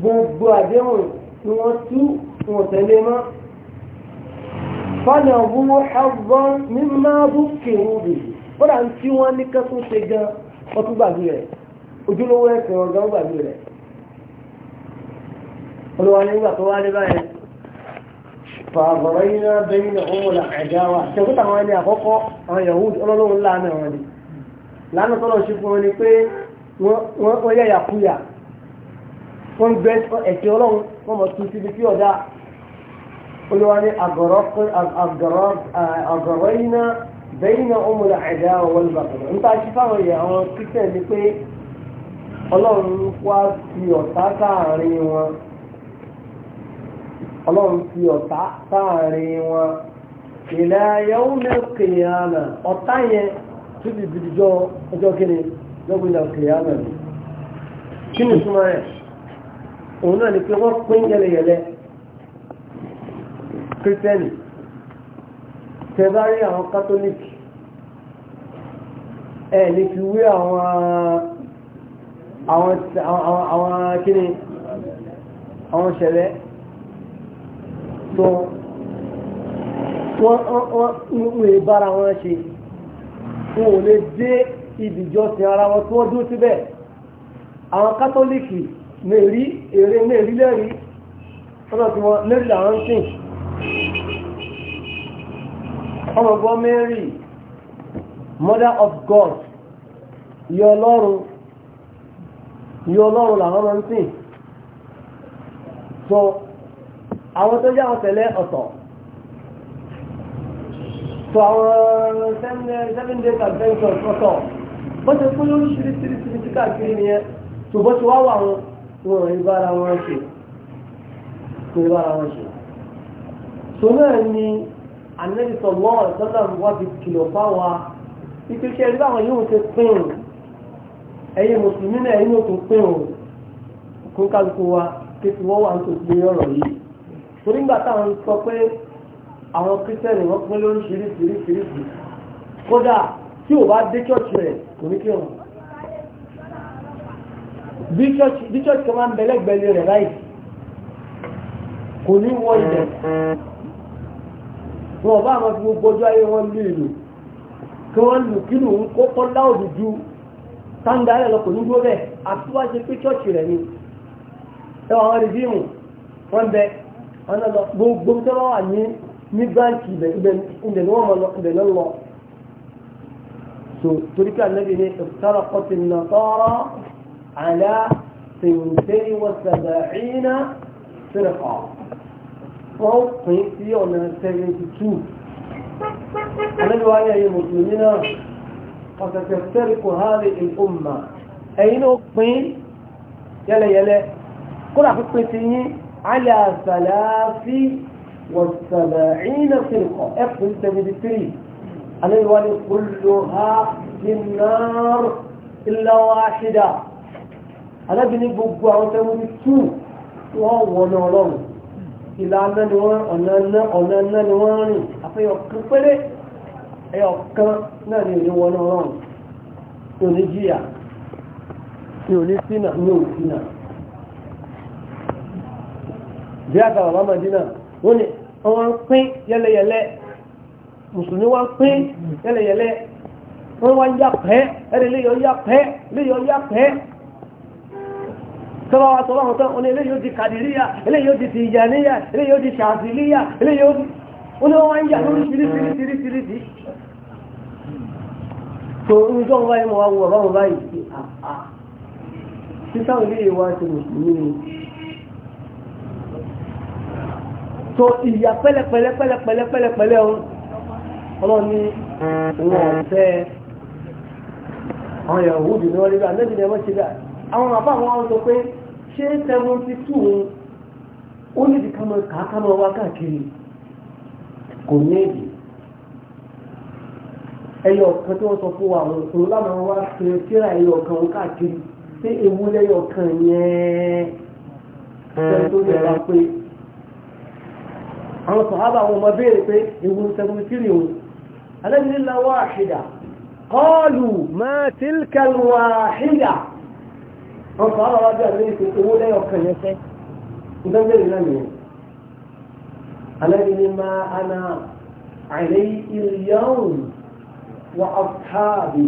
gbogbo àdéhùn tí wọ́n tú wọn tẹ̀lé mọ́ fọ́nàwó ẹ̀gbọ́n mímá búkèrú bì kódà tí wọ́n ní kẹ́kọ̀ọ́ ṣe gan ọtún gbàgbé ojúlówó ẹ̀sìn ọ̀gá gbàgbé rẹ̀ olúwa nígbà tó wá dé báyìí fàbọ̀rọ̀ yìí náà bẹ́yìn náà òun là àjáwà ṣẹ̀kútà àwọn àkọ́kọ́ àwọn Yahudi ọlọ́lọ́run láàánú àwọn ni láàánú tọ́lọ̀ ṣe fún wọn pé wọ́n yẹ̀yà kúyà wọ́n gbé ẹ̀sìn ọlọ́run wọ́n mọ̀ tún síbi tí ọ̀dà olúwa ọlọ́run fi ọ̀tá sáàrin wọn ìlà yóò mẹ́kìlì àmà ọ̀tá yẹn tó ti di jọ ọjọ́ kíni lọ́gbìn ìlà òkèlè àmà kí ni súnmọ́ rẹ̀ òun náà ni pé wọ́n pín yẹlẹyẹlẹ kírísítẹ́nì tẹ́bárí àwọn kátólíkì ẹ̀ ní fi wé àwọn àwọn kíni àwọn ṣẹlẹ̀ sọ wọ́n ń bára wọn ṣe wọn ò lè dé ibìjọsìn ara wọn tí wọ́n dúró síbẹ̀ àwọn kátólíìkì mèrí èrè mèrí lẹ́rí ọ̀nà tí wọ́n mèrí làwọn ń sìn ọmọ ọgbọ́n mary mother of god yọ ọlọ́run yọ ọlọ́run làwọn ń sìn sọ. So, àwọn tó jẹ́ àwọn tẹ̀lé ọ̀tọ̀ tó àwọn seven days adventure ọ̀tọ̀ bó ṣe kú lórí ṣírí ṣírí ṣírí ṣírí káàkiri ni ẹ tó wà wọn ni mùsùlùmí náà ẹ̀yin ò tún wa kí tí wọ́n wà ọ̀rọ̀ yìí torí ńgbà táwọn sọ pé àwọn kírísítẹ́nì wọ́n pín lóríṣiríṣiríṣiríṣi kódà tí ò bá dé chọ́ọ̀chì rẹ̀ kò ní kí wọn. bí chọ́ọ̀chì kan máa ń bẹ lẹ́gbẹ̀ẹ́ rẹ̀ láì kò ní wọ ilẹ̀ wọn bá àwọn fi gbogbo ọjọ́ ayé wọn lú ìlú kí wọ́n lù kí lù ń kó kọ́ láòdì ju táǹgà rẹ̀ lọ kò ní dúró bẹ́ẹ̀ àti wá ṣe pé chọ́ọ̀chì rẹ̀ ni ẹwà wọn rí bímù wọn bẹ́ẹ̀ wọn lọ gbogbo tó bá wà ní ní báńkì ibẹ̀ ibẹ̀ ni wọ́n mọ̀ lọ ibẹ̀ lọ lọ. so torí pé ànábì ní ìtara kọtì nà tọrọ àlá tèmítẹ́rì wọ́n sàgbà ìnà sínìkọ̀. wọ́n pín sí ọ̀nà seventy two. wa yẹ mùsùlùmí náà ọ̀sẹ̀sẹ̀sẹ̀rì kò hàrí ìfúnmà ẹ̀yin ó pín yẹlẹyẹlẹ kó على ثلاث والسبعين فرقة اقسم 73 أنا الوالي كلها في النار إلا واحدة أنا بني بقوة وتمني تو وهو نولون ìlànà ni wọ́n ọ̀nà ńlá ni wọ́n rìn àfẹ́yọ̀kan pẹ́lẹ́ ẹyọ̀kan náà ni òní wọnà ọ̀rọ̀ ní òní jíyà ní òní sínà ní òní sínà bí àgbà bàbá Madina wọ́n ní wọ́n pín yẹlẹyẹlẹ mùsùlùmí wọ́n pín yẹlẹyẹlẹ wọ́n wá yá pẹ́ ẹ̀rẹ́ léyọ̀ yá pẹ́ léyọ̀ yá pẹ́ tọ́wọ́ wa tọ́wọ́ àwọn tán wọ́n ní eléyìí ó di kàdìríyà eléyìí ó di tìjàníyà eléyìí ó di ṣàfìlíyà eléyìí ó di ó ní wọ́n wá ń lórí ṣiríṣiríṣiríṣiríṣi tó ń jọ wáyé mọ́ wa wọ̀ báyìí sí sáwọn tó ìyà pẹ́lẹ́pẹ́lẹ́ pẹ́lẹ́pẹ́lẹ́ kpele kpele kpele òun ọ̀fẹ́ àwọn èèyàn òwúdì ní wọ́n rí rà lẹ́bi ni wọ́n ṣe àwọn bàbá pé ní kò ní èdè ẹyọ ọ̀kan tí wọ́n sọ fún àwọn láwọn wá àwọn sọ̀hábà àwọn ọmọ béèrè pé ewu sẹ́kùnrin òun alẹ́nilá wáhídà kọlù mẹ́tìlkẹl wáhídà àwọn sọ̀hábà wá bí àlẹ́ ìpè owó lẹ́yọ kẹ̀yẹsẹ́ ìdánwẹ́rẹ́ náà nìyẹn alẹ́nilá ana àìlẹ́ ìrìyàwó wa afhaabi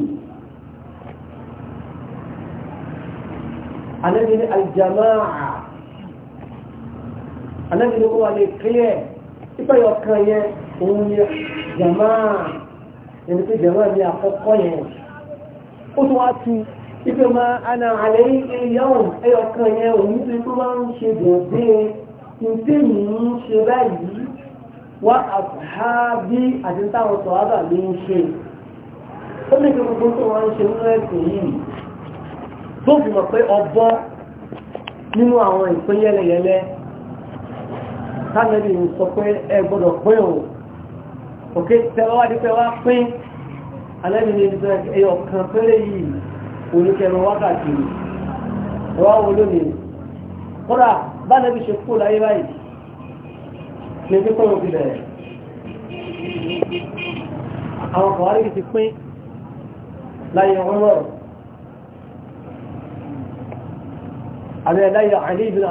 alẹ́nilá aljamaa alẹ́nilá wà lè kílẹ̀ ìpẹ́yọ̀ kan yẹn òun ni jamaa ẹni pé jamaa ni àkọ́kọ́ yẹn ó tún wá tu ìpè máa ana àlẹ́ ìyáwó ẹyọ̀ kan yẹn òun ti tó máa ń ṣe dòdè ìdí mi ń ṣe báyìí wá àbí àti táwọn sọ̀rọ̀ àbà mi ń ṣe ó ní kí gbogbo tó wọ́n ń ṣe nínú ẹ̀sìn yìí tó fi mọ̀ pé ọbọ̀ nínú àwọn ìpín tánàbí ń sọ pé ẹ gbọ́dọ̀ pín o òkè tẹ́wọ́ wá di pé wá pín alẹ́bí ní ibi tó ẹyọ kan péré yìí oníkẹrù wákàtí ẹwà wo lónìí kódà bánàbí ṣe kú láyé báyìí ní pípọ́ òbí bẹ̀rẹ̀ àwọn kọ̀wárí ti pín láyé ọmọ àbẹ̀ láyé àlè ìbìnà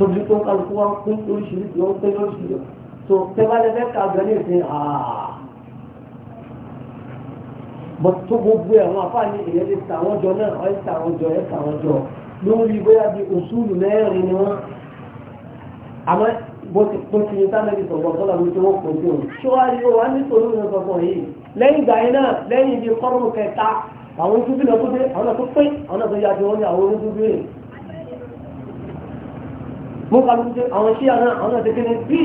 tóbi tó ń kálukú wá ń pín lóríṣiríṣi ó ń pín lóríṣiríṣi tó tẹ́wálẹ́ fẹ́ ká gan ní ìsìn àà bọ́ tó gbogbo ẹ̀ wọn àfáà ní èyẹ lè ta àwọn jọ náà ẹ̀ ta àwọn jọ ẹ̀ ta àwọn jọ lórí bóyá bíi òṣùlù mẹ́rin ni wọ́n àmọ́ bó ti pín sí sámẹ́lì sọ̀rọ̀ sọ́la ló ti wọ́n pọ̀ sí òun ṣọ́wárí ó wà ní sòlú ní sọ̀tọ̀ yìí lẹ́yìn ìgbà yẹn náà lẹ́yìn ibi kọ́rùn-ún kẹta àwọn ojú bí lọ tó dé àwọn náà tó pín àwọn náà tó yá Bukan ṣe awak ṣíà anak àwọn náà tẹ́kẹ́ ní bí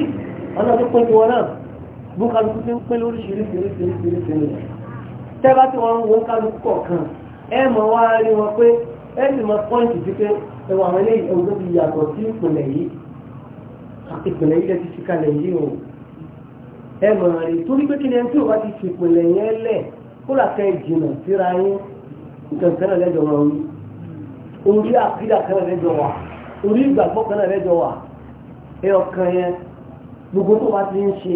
àwọn náà tó pín tiwọn náà bókàlùkù ṣe ń pín lóríṣiríṣiríṣiríṣi ni tẹ́bá tí wọ́n ń wo kálukú kọ̀ọ̀kan ẹ mọ̀ wá rí wọn pé ẹ sì mọ pọ́ǹtì sí pé ẹwà àwọn eléyìí ẹ̀wọ̀n tó ti yàtọ̀ sí ìpìlẹ̀ yìí ìpìlẹ̀ yìí lẹ́ti ṣìkalẹ̀ yìí o ẹ mọ̀ rí torí pé kí ni ẹni tí tu bá ti ṣèpìlẹ̀ yẹn lẹ̀ kó làkẹ́ jìnnà síra yín nǹkan kan náà lẹ́jọ̀ wọn orí àkídà kan náà lẹ́jọ̀ orí ìgbàgbọ́ kan náà rẹ́jọ wà ẹ ọkàn yẹn gbogbo tó bá ti ń ṣe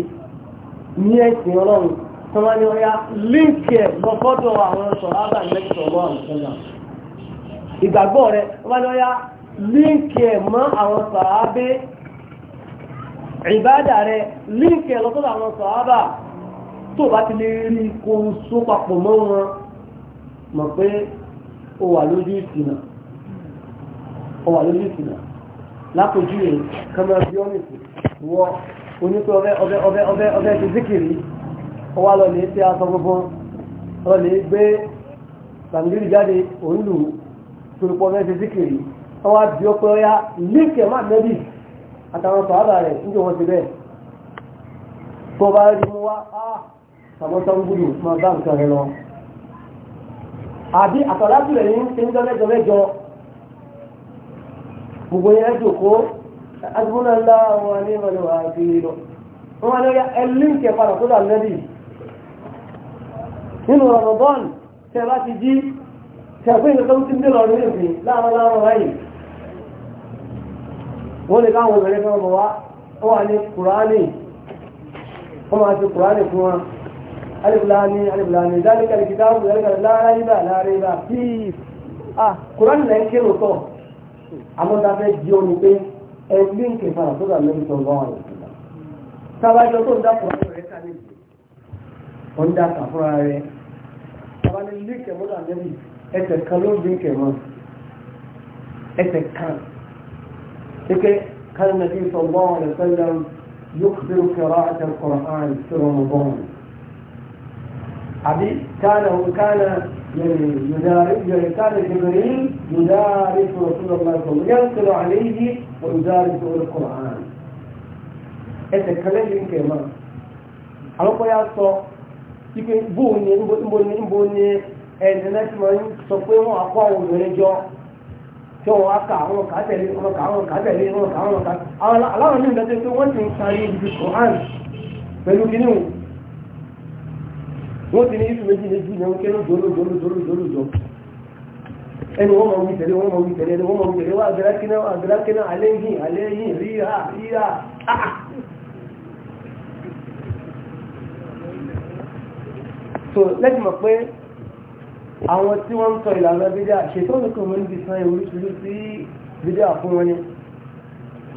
ní ẹ̀sìn ọlọ́run tó máa ní ọya líǹkì ẹ̀ lọ́kọ́dọ̀ àwọn sọ̀rọ̀ ábà nẹ́kìtọ̀ ọlọ́run sọ́nà ìgbàgbọ́ rẹ̀ tó máa ní ọya líǹkì ẹ̀ mọ́ àwọn sàábé ìbádà rẹ̀ líǹkì ẹ̀ lọ́kọ́dọ̀ àwọn sàábà tó bá ti lè rí kó so papọ̀ mọ́ wọn mọ̀ pé ó wà lójú ìsìn náà ọ wà lórí ìsìnà lápòjú rẹ̀ kẹmẹ́rẹ́ bí ọ́nà ìsìn wọ́n onípe ọbẹ̀ ọbẹ̀ ọbẹ̀ ọbẹ̀ ọbẹ̀ ti zikiri ọ wà lọ́lẹ̀ tí a sọ gbogbo ọlọ́lẹ̀ gbé sàmìlì jáde òǹlù torípọ̀ ọbẹ̀ ti zikiri ọ wà bí ọpẹ́ ọyá líkẹ̀ má nẹ́bì àtàwọn sọ̀rọ̀ rẹ̀ níjọ wọn ti a, tó bá rí mú wá á gbogbo yẹn jòkó agbóná ńlá wọn ní ìmọ̀lẹ́ wà á fi lọ. wọ́n máa lọ́yà ẹlẹ́ǹkì padà tó dà lẹ́bì nínú Ramadan tẹ́ bá ti jí tẹ̀gbẹ́ ìlú tó ń ti ń dé lọ nínú ìsìn láàárọ̀ láàárọ̀ báyìí. wọ́n lè káwọn obìnrin kan bọ̀ wá wọ́n wà ní Kùránì wọ́n máa ti Kùránì fún wa. ألف لامي ألف لامي ذلك الكتاب ذلك لا ريب لا ريب فيه آه قرآن لا يمكن amọ́tafẹ́ di ọ́ ni pé ẹgbẹ́ ìkẹfàrà tó dà lórí tó ń bá wọn lọ́sọ̀lá sábàjọ tó ń dàpọ̀ rẹ̀ ká ní ìlú ó ń dàpọ̀ fúnra rẹ̀ sábàjọ ilé ìkẹmọ́ dà lórí ẹsẹ̀ kan ló ń يخبر قراءة القرآن في رمضان أبي كان وكان يعني يدارج كان يدارس رسول الله صلى الله عليه وسلم ينقل عليه ويدارسه القرآن ẹsẹ̀ kan lẹ́yìn kẹ̀ máa àwọn kan ẹni wọ́n máa wí tẹ̀lé wọ́n máa wí tẹ̀lé ẹni wọ́n máa wí tẹ̀lé wọ́n àgbẹ̀lákínà àgbẹ̀lákínà àlẹ́yìn àlẹ́yìn ríra ríra so lẹ́yìn mọ̀ pé àwọn tí wọ́n ń sọ ìlànà bídíà ṣètò nìkan mọ́ níbi san oríṣiríṣi bídíà fún wọn ni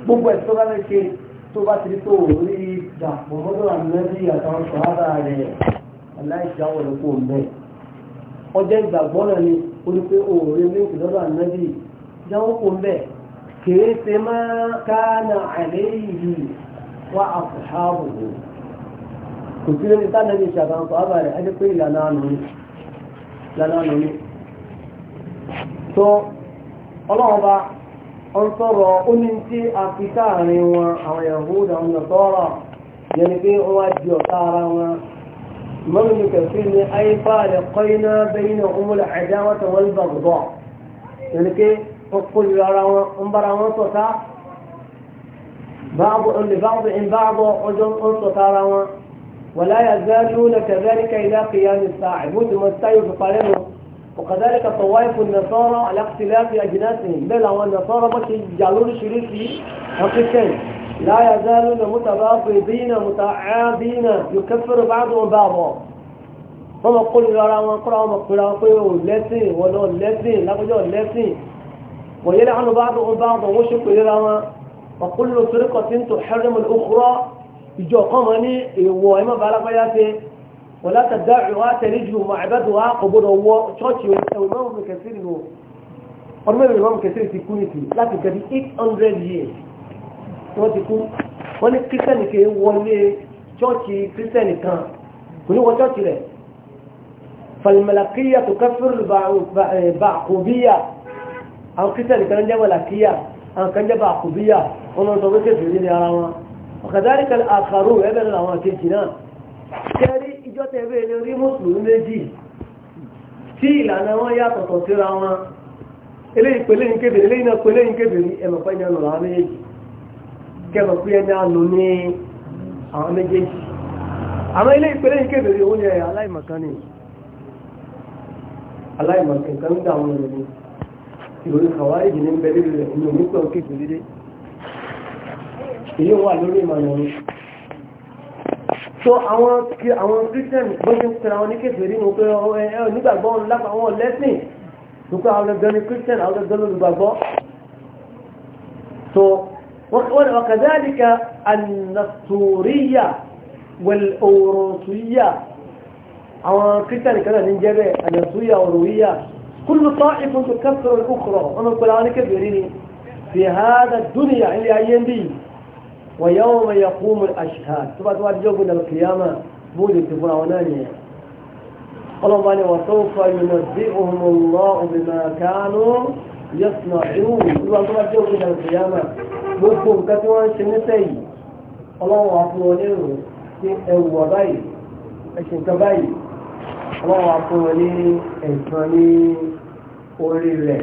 gbogbo ẹ̀ tó bá fẹ́ ṣe tó bá ti rí tó orí ìdàpọ̀ mọ́tò àmì lẹ́bí àtàwọn sọ̀rọ̀ rẹ̀ aláìṣàwọ̀ lóko mẹ́rin ọjọ́ ìgbàgbọ́ náà ni olùpẹ́ òòrè méjì lọ́dọ̀ ànábì jáwọ́ kò ń bẹ̀ kìí ṣe máa káànà àléyìí wá àfùháàbò kò sí lórí sánàbì ìṣàkàn ìlànà àná tó ọlọ́run bá ń sọ̀rọ̀ ó ní tí a fi káàrin wọn àwọn Yahuda àwọn pé wọ́n wá di ọ̀tá ara wọn إمام ابن كثير أي فارقينا بينهم العداوة والبغضاء يعني كي أقول أمبر وانتوتا بعض بعض إن بعض أجل أنتوتا ولا يزالون كذلك إلى قيام الساعة بود مستيف قالوا وكذلك طوائف النصارى على اختلاف أجناسهم بل والنصارى ما تجعلون شريكي وكذلك لا يزالون متباغضين متعاضين يكفر بعضهم بعضا wọ́n mọ̀ kó lura ara wọn kóra wọn mọ̀ pera wọn pé o lẹ́sìn wọn náà lẹ́sìn lágbájọ́ lẹ́sìn wọ́n yẹ́lẹ́ àwọn bá dùn bá dùn wọ́n ṣe pè lera wọn wọ́n kó lura torí kan tí ń tò hẹ́rẹ́ mọ̀ lókùrọ́ ìjọ kan mọ̀ ní èèwọ̀ ẹ̀ má bàa lágbájá ṣe wọ́n láti dá ìwà tẹ̀lé ju mọ̀ àbẹ́dùn wa kò gbọdọ̀ wọ ṣọ́ọ̀ṣì ọ̀dọ́ mẹ́rin mọ̀ kẹsìrì ti kú nìkì láti gẹ̀dí eight hundred years wọ́n ti kú wọ́n ní kírísítẹ́nì kì í wọlé chọ́ọ̀chì kírísítẹ́nì kan kò ní wọ chọ́ọ̀chì rẹ̀ falimalakiya tó kẹfìrì bàkùbíyà àwọn kírísítẹ́nì kan jẹ́ malakiya àwọn kan jẹ́ bàkùbíyà wọn lọ sọ pé kéfìrì ní ara wọn ọ̀kadàrí kan àkàrò ẹ̀bẹ̀ nínú àwọn kejì náà kẹrí ìjọ tẹ̀wé ní orí mùsùlùmí méjì tí ìlànà wọn yàtọ̀tọ̀ síra wọn eléyìí pẹ̀lẹ́yìn kébèrè eléyìí náà pẹ̀lẹ́yìn kébèrè ẹ̀mọ̀pẹ́ ìjọ nọ̀rọ̀ kẹ́mọ̀ pé ẹni àánú ní àwọn méjèèjì àwọn ilé ìpele ìkébèrè owó ni aláìmọ̀kan ni aláìmọ̀kan kan ń dà àwọn ìròyìn ìròyìn kàwárí jì ní ń bẹ lórí rẹ̀ inú mi pẹ̀lú kékeré dé èyí wà lórí ìmọ̀ràn ni so àwọn àwọn christian bó ṣe ń so وكذلك النصورية والأوروسية أو كذلك كذا نجابة النصورية والأوروية كل طائف تكفر الأخرى أنا أقول أنا كبيرين في هذا الدنيا اللي أيام دي ويوم يقوم الأشهاد تبقى تبقى تجوب من القيامة موجود في فرعونانية قالوا بالي وسوف ينزئهم الله بما كانوا يصنعون تبقى تبقى تجوب من القيامة gbogbo nǹkan tí wọ́n ń ṣe níṣẹ́ yìí ọlọ́run wà fún wọn nírò ní ẹwù wà báyìí ẹ̀sìn kan báyìí ọlọ́run wà fún wọn ní ẹ̀sán ní orí rẹ̀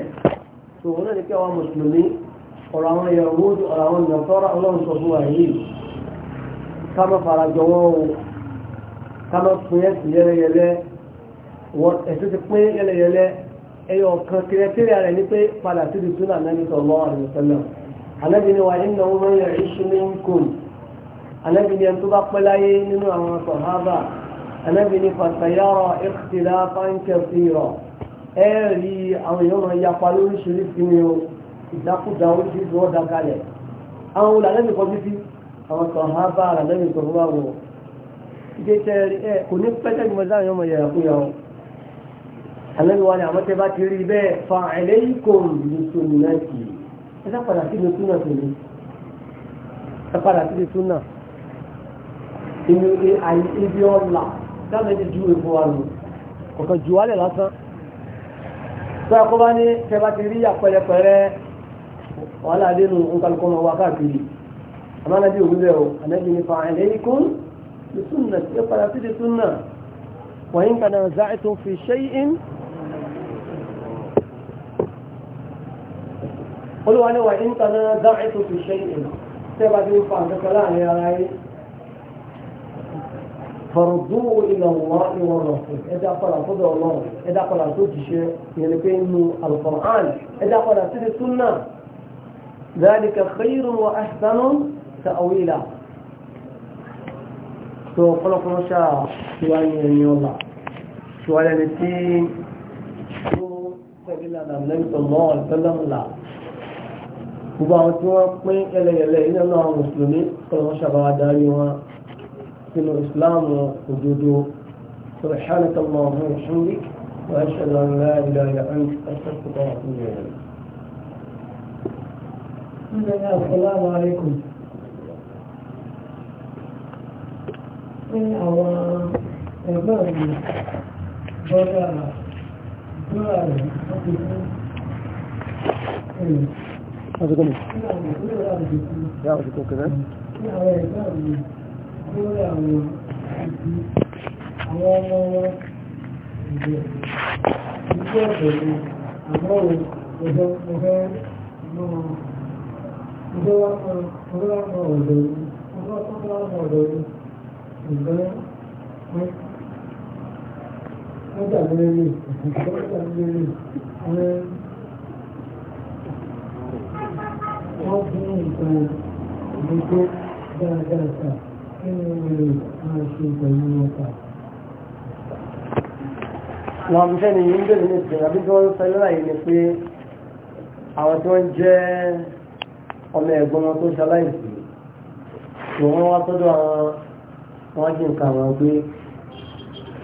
tó wọn náà ní pé àwọn mùsùlùmí ọ̀rọ̀ àwọn ìyàwó ọ̀rọ̀ àwọn ìyàtọ́ra ọlọ́run sọ fún wa yìí ká má fara jọ wọn o ká má pín ẹ̀sìn yẹlẹyẹlẹ ẹ̀sìn ti pín yẹlẹyẹlẹ ẹyọ kan kìrẹ́tìrì rẹ̀ ní pé padà sí ìdúnà náà ní sọ̀rọ̀ àrùn sẹ́lẹ̀ anábì ni wà nínú ọmọ yẹn ìṣúnìkùn anábì ni ẹni tó bá pẹ́ láyé nínú àwọn sọ̀hábà anábì ni fàṣàyàrọ̀ ìkìtìlá fáńkẹ́fìrọ̀ ẹ rí àwọn èèyàn máa yapa lóríṣiríṣi ni o ìdákùdà oríṣiríṣi wọn dá kalẹ̀ àwọn olùdàlẹ́bì kọjú sí àwọn sọ̀hábà àlàlẹ́bì tó fún wa ìdè tẹ ẹ kò ní pẹ́tẹ́ ìmọ̀ sáà yọmọ yẹ̀yà fún yàwó alẹ́ wa ni àwọn tẹ bá ti rí bẹ́ẹ̀ fa ẹ̀lẹ́yìn kò lùsùn náà kì í ẹ sá padà síbi súnà tèmi ẹ padà síbi súnà èmi àyè ibi ọ̀la dáná ti ju èfò wa lò kọ̀kan jù wálẹ̀ lásán tó ẹ̀kọ́ bá ní kẹba ti rí àpẹẹrẹpẹẹrẹ wàhálà adénu nkálukọ́ ọmọ wa káàkiri àmọ́ anábì òwú bẹ́ẹ̀ nípa ẹ̀lẹ́yìnkún ní súnà tí ó padà síbi súnà wọ̀nyí kan náà záìtún fi ṣẹ́yìn olúwa ní wà ní tàná dáhìtò fi ṣe ìlú tí a bá ti ń fa àkẹ́kọ̀ọ́ láàrin ara yìí fọ̀rọ̀dú ìlànà ìwọ̀n rọ̀ ẹ̀dá padà tó dọ̀ lọ ẹ̀dá padà tó jìṣẹ́ ìyẹn pé nu alukọ̀rán ẹ̀dá padà sí ti súnà ذلك خير وأحسن تأويلا tó ọ̀pọ̀lọpọ̀ ṣá ṣíwáyé ẹni ọlá ṣíwáyé ẹni tí ó pẹ̀lú ìlànà lẹ́yìn tó mọ́ ọ̀lẹ́lọ́mùlà gbogbo àwọn tí wọ́n pín ẹlẹ́yẹlẹ́ iná náà àwọn mùsùlùmí kọlọ́wọ́ ṣàbáwá darí wọn sínú ìsìláàmù òdodo سبحانك اللهم لا إله إلا أنت أستغفرك وأتوب إليك السلام عليكم lásìkò ní yá òsìkò kẹfẹ́ Ọjọ́ àgbẹ̀rẹ̀ ní ọjọ́ àgbẹ̀rẹ̀ ní wọ́n fún nǹkan ìdíkó dáadáa sà kí ni wọ́n lè máa ṣe pẹ̀lú ọkà. Wọ́n mú sẹ́ni yìí ń bèèrè ní ìpínlẹ̀ àbí tí wọ́n ń sẹ́lẹ̀ láyé ni pé àwọn tí wọ́n jẹ́ ọmọ ẹ̀gbọ́n wọn tó ṣaláìsí wọ́n wá tọ́jú àwọn wọ́n jí nǹkan àwọn pé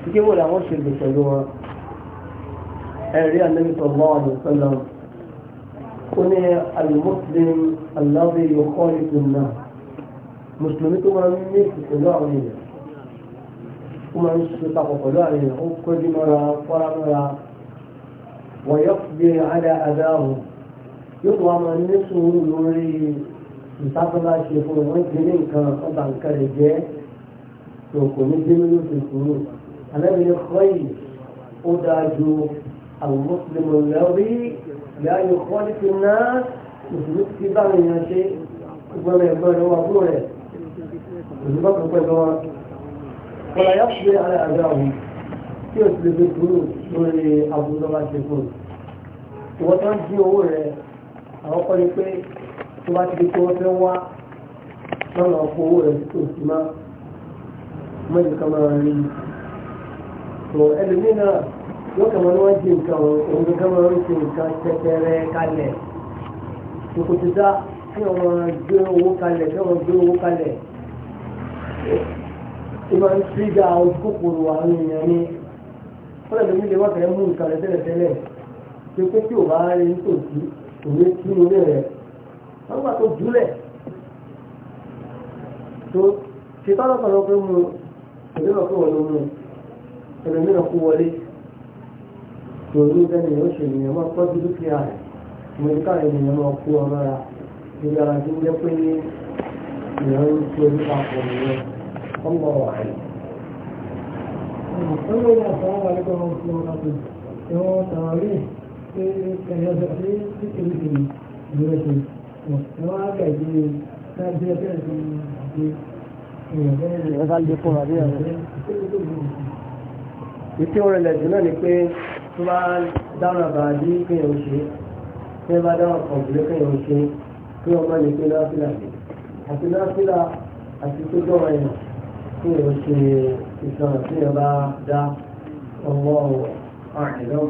kíkéwò làwọn ṣe gbèsè lọ́wọ́ ẹ̀rí àlẹ́ ìtọ̀ mọ́ àdùnsọ́lọ́wọ́ oní alimuslim aláwọ̀ yóò kọ́ ìdùn náà mùsùlùmí tó máa ń ní ìpínlẹ̀ àwọn èèyàn ó máa ń ṣe papọ̀ pẹ̀lú àwọn èèyàn ó kọjú mọ́ra fọ́ra mọ́ra wọ́n yọ bí adá adá ọ̀hún yóò wá máa ní sùúrù lórí ìtàkùnlá ṣe fún wọn ti ní nǹkan ọba nǹkan rẹ̀ jẹ́ tó kò ní bínú ló ti kúrò alẹ́ mi ní kọ́ yìí ó dáa ju àwọn mùsùlùmí lọ́rí لأن يخالف الناس يثبت في بعض الناس وما يقبل هو أبوه يثبت في ولا يقضي على أدائهم يثبت الفلوس لولي أبو ذبات الفلوس وتنجي هو àwọn kọ́ ni pé tó bá ti di pé wọ́n fẹ́ wá lọ́nà ọkọ̀ owó rẹ̀ wọ́n kàn wọ́n wọ́n di nǹkan òun nǹkan wọ́n ń ṣe nǹkan tẹ́tẹ́rẹ́ kalẹ̀ tòkòtò dá kí wọ́n gbé owó kalẹ̀ kí wọ́n gbé owó kalẹ̀ ìmọ̀ ń tírígà ojú kòkòrò àwọn èèyàn ni wọ́n lè mí lè wọ́n fẹ́ mú nǹkan rẹ̀ tẹ́lẹ̀ tẹ́lẹ̀ tí ó pé tí ò bá rí nítòsí òwe tí orí rẹ̀ wọ́n gbà tó jùlẹ̀ tó ṣe tọ́lọ́pọ̀lọpọ̀ mú ẹ̀mí náà kó wọlé tó oníbẹ̀ ni ó ṣe ènìyàn máa tọ́jú dúkìá rẹ̀ mo ní káàrin ènìyàn máa kú ọmọ ra níbi tí ó jẹ́ pé ènìyàn ń tó orí papọ̀ nìyẹn ọmọ wàhálì. ọmọ ìyá àtàwọn wà lẹ́kọ̀ọ́ ọmọ ìfúnná wọn láti ẹ̀wọ̀n tàwárí pé ẹ̀yà ṣàfihàn sí kìrìkìrì ìrẹsì ṣe ẹ̀wọ̀n àgbà ìdílé káàdì ẹgbẹ́ ẹ̀sìn àti ìrẹsì. ìtí orin lẹ̀jù náà ni pé tó bá dáhùn àbàdí kéèyàn ó ṣe tí bá dáhùn kọ̀ọ̀bùlé kéèyàn ó ṣe kí wọ́n má lè pé náfìlà àti náfìlà àti tó dọ̀rọ̀ yẹn kéèyàn ṣe ìtàn tí wọ́n bá dá ọwọ́ àìlọ́wọ́.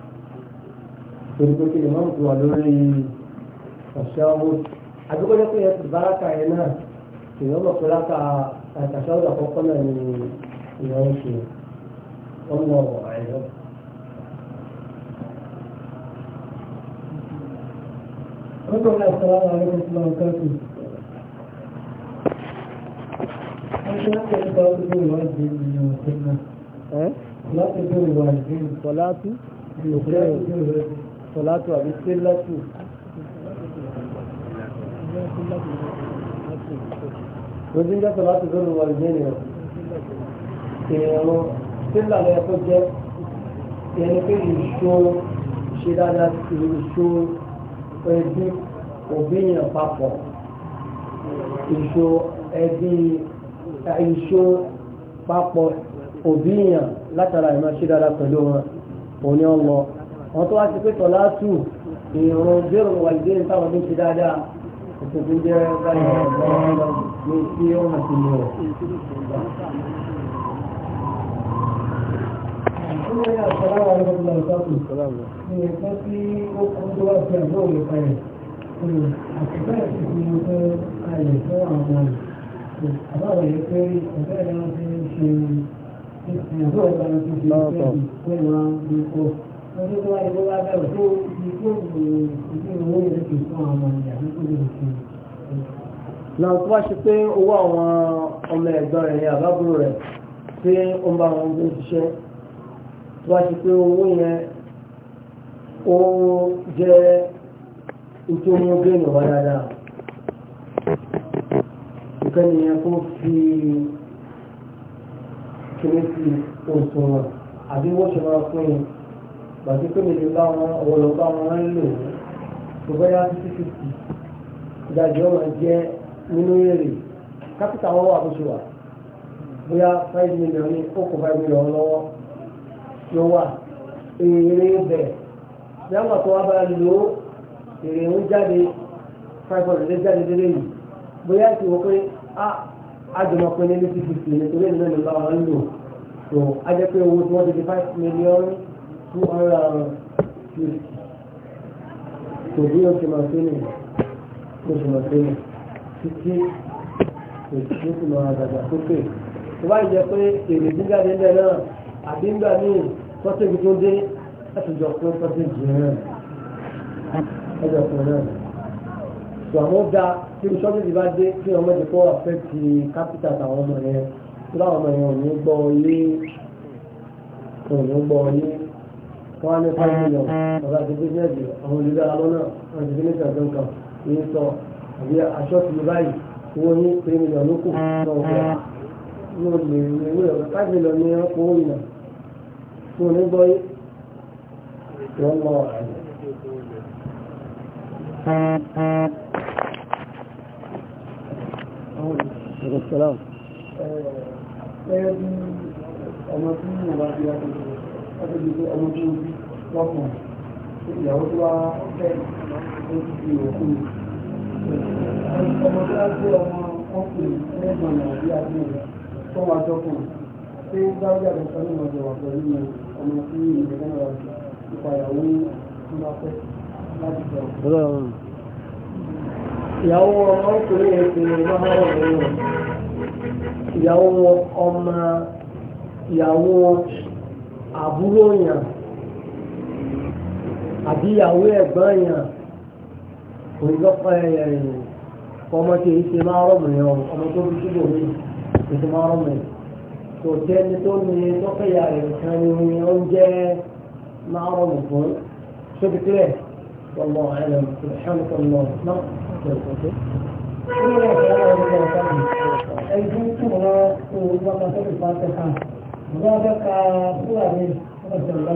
torí pé kí ni wọ́n ti wà lórí ọ̀ṣọ́wó àdúgbòjọ́ pé ẹ̀sìn báràkà yẹn náà èèyàn mọ̀ pé láta àtàṣọ́wó àkọ́kọ́ náà ni èèyàn ń ṣe ọmọ àìlọ́. Ọjọ́ ìlà ìṣẹ́lá wà ní ìṣẹ́lá ọ̀gáàkì. Ọjọ́ ìlà ìṣẹ́lá wà ní ìṣẹ́lá ọ̀gáàkì. Ọlá ti bẹ̀rẹ̀ wà ní ìṣẹ́lá. Ọlá ti bẹ̀rẹ̀ wà ní ìṣẹ́lá sọ̀látù àbí sílẹ̀tù lójú jẹ́ sọ̀látù tó lù wọ̀lú jẹ́ni ọ̀ ìrìnrún sílẹ̀ lọ ẹ̀kọ́ jẹ́ ẹni pé ìṣó ṣe dáadáa sí ìṣó ẹbí òbí yẹn papọ̀ ìṣó ẹbí ìṣó papọ̀ òbí yẹn látara ìmọ̀ ṣe dáadáa pẹ̀lú wọn òní ọlọ́ọ̀ àwọn tó wá ti pé tọ̀lá tù ìrùn bẹ́rù wàlídé táwọn tó ti dáadáa òṣèlú jẹ́ báyìí ní tí ó hàn sí lọ. Ìyẹ̀kọ́ tí ó kọ́ tó wá sí àgbọ̀ òwe kalẹ̀, àtìgbà ìṣègùn ọ̀fẹ́ kalẹ̀ fún àwọn ọmọ rẹ̀. Àbáwọ̀ yẹ pé ọ̀fẹ́ rẹ̀ wọ́n ti ń ṣe ìṣègùn ọ̀fẹ́ rẹ̀ wọ́n ti ń ṣe ìṣègùn ọ̀fẹ́ rẹ̀ Ọdún tó wáyé bó bá bẹ̀rù tó ibi tó ìdí owó yẹn ti fún àwọn ọmọ ìyá tó lè fi. Náà tó wá ṣe pé owó àwọn ọmọ ẹ̀gbọ́n rẹ̀ ní àbábúrò rẹ̀ pé ó ń bá wọn gbé ṣiṣẹ́. Tó wá ṣe pé owó yẹn ó jẹ́ nítorí ó gbé dáadáa. Nǹkan nìyẹn kó fi kéré sí òṣùwọ̀n àbí wọ́n ṣe máa fún yẹn gbàtí pé mi lè bá wọn ọ̀wọ́ lọ bá wọn ń lò tó bá yá fifty fifty ìdájọ́ máa jẹ́ nínú èrè kápítà wọn wà bóṣù wà bóyá five million ní ó kó five million lọ́wọ́ ló wà èrè bẹ̀ yàgbà tó wá bá lò ó èrè ń jáde five hundred lè jáde délé yìí bóyá ti wọ pé a àjọmọ̀ pé ní fifty fifty nítorí ìnáwó ìlú àwọn ń lò tó a jẹ́ pé owó tí wọ́n ti di five million two hundred and fifty kò bí oṣù máa ṣe nì oṣù máa ṣe nì títí oṣù máa dàgbà sókè tó bá jẹ pé èrè dídá nílẹ̀ náà àbí ńgbà míì pọ́tẹ́gì tó dé láti jọ fún pọ́tẹ́gì náà ẹjọ́ fún náà tó àwọn dá tí oṣọ́tẹ́gì bá dé kí ọmọ ìdíkọ́ àfẹ́ ti kápítà tàwọn ọmọ yẹn tó láwọn ọmọ yẹn ò ní gbọ́ ilé ò ní gbọ́ ilé káwá ní five million ọ̀gá àti bísíǹsì àwọn olùdó alọ́nà àti bínísà tó ń kà ní sọ àbí aṣọ ti lè báyìí owó ní three million ló kù ah, sọ ọ̀gá ní olè ìwé ọ̀gá five million ní ọkọ̀ owó ìnà tó ní gbọ́ yìí tó ń lọ àyè. Ọmọ tí mo bá fi wá tuntun wọ́n ti di ẹni ìyàwó tó wá fẹ́ tó ọmọ tó wá gbé ọmọ ọkùnrin lẹ́gbọ̀n nàìjíríà ọmọ ọkùnrin yẹn máa ń lọ́wọ́ ìyàwó ọmọ ìyàwó àbúrò yàn àbí ìyàwó ẹ̀gbọ́n yàn kò ní lọ́pọ̀ ẹ̀yà ẹ̀yìn ọmọ tí èyí ṣe máa rọ̀ mọ̀ yàn ọmọ tó bí síbò mí kò ṣe máa rọ̀ mọ̀ yàn tó jẹ́ ní tó ní tọ́kẹ̀yà rẹ̀ kan ní oúnjẹ máa rọ̀ mọ̀ fún sóbi kílẹ̀ والله أعلم سبحانك اللهم وبحمدك أي جنس مرة وقت الفاتحة ذاك فلان مثلا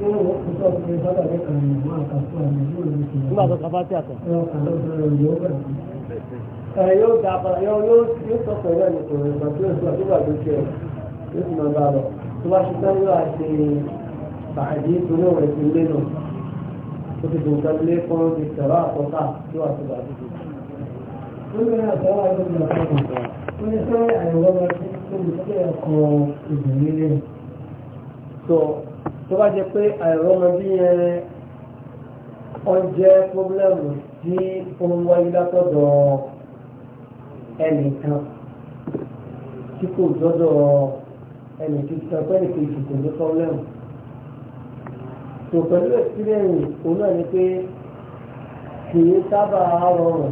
Nígbà tó kaba tí a tọ̀. Yóò dà pa yóò yóò yóò sọ pé náà nìkan rẹ̀ gbà tó ìgbà tó gbà tó kẹ̀ yóò sì máa bá lọ. Tó bá ṣe tán yóò àṣe bàjẹ́ tó náà rẹ̀ ti lé nù. Ó ti dùn kan lé fún ìtẹ̀rọ àkọ́kà tó àti bàjẹ́ lórí àtọ́ àwọn ọmọ ọ̀pọ̀ ó ní sọ àìwọ́ ọmọ tó ń tẹ́ ọkọ̀ ìbìnrin lẹ́yìn. tó tó bá jẹ pé àìrọ́mọbí yẹn ọ jẹ́ pọ́blẹ́mù tí ó ń wáyé látọ̀dọ̀ ẹnìkan tí kò dọ́dọ̀ ẹnì kíkà pẹ́ẹ́nì kejì kò ní pọ́blẹ́mù. tó pẹ̀lú ẹ̀sìrẹ́yìn òun náà ni pé kì í sábà rọrùn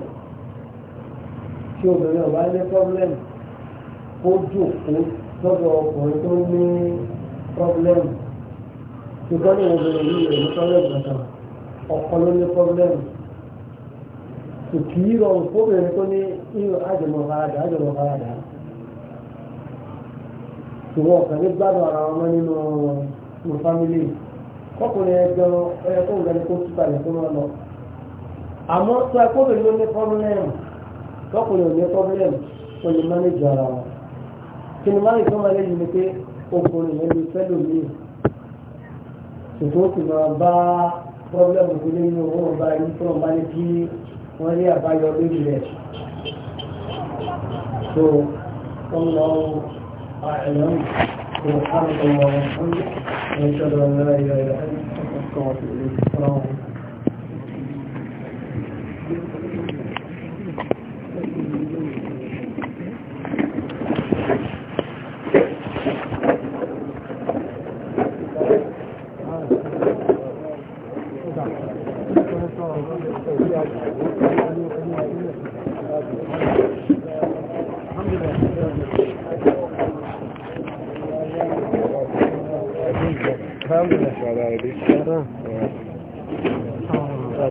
tí obìnrin ọba ní pọ́blẹ́mù kó jòkó lọ́dọ̀ ọkùnrin tó ní pọ́blẹ́mù ṣùgbọ́n ní obìnrin yìí rẹ̀ ní pọ́blẹ́mù kankan ọkọ ló ní pọ́blẹ́mù kì í rọrùn fóbìnrin tó ní ìrò àjùmọ̀ faradà àjùmọ̀ faradà ṣùgbọ́n ọ̀kan ní gbádùn ara wọn nínú ọmọ fámílì kọkùnrin ẹjọ́ ẹ̀kọ́ ìgbàlẹ̀ kó túkàlẹ̀ fún wọn lọ àmọ́ tó ẹkọ́ obìnrin ló ní pọ́blẹ́mù tọkùnrin ò ní pọ́blẹ́mù ó lè mánéjì ara wọn kí ni mánéjì wọn mánéjì ni pé ọkùnrin yẹn lè fẹ́ lòmíì ṣètò ó sì máa bá pọ́blẹ́mù tó lé nínú wọn bá yín tó wọn bá ní kí wọ́n rí àbáyọ lórí rẹ̀ tó wọ́n lọ àìlọ́nù tó hàn tó wọn wọ́n ń ṣe ọ̀dọ̀ ọ̀nà ìlà ìlà ìlà ìlà ìlà ìlà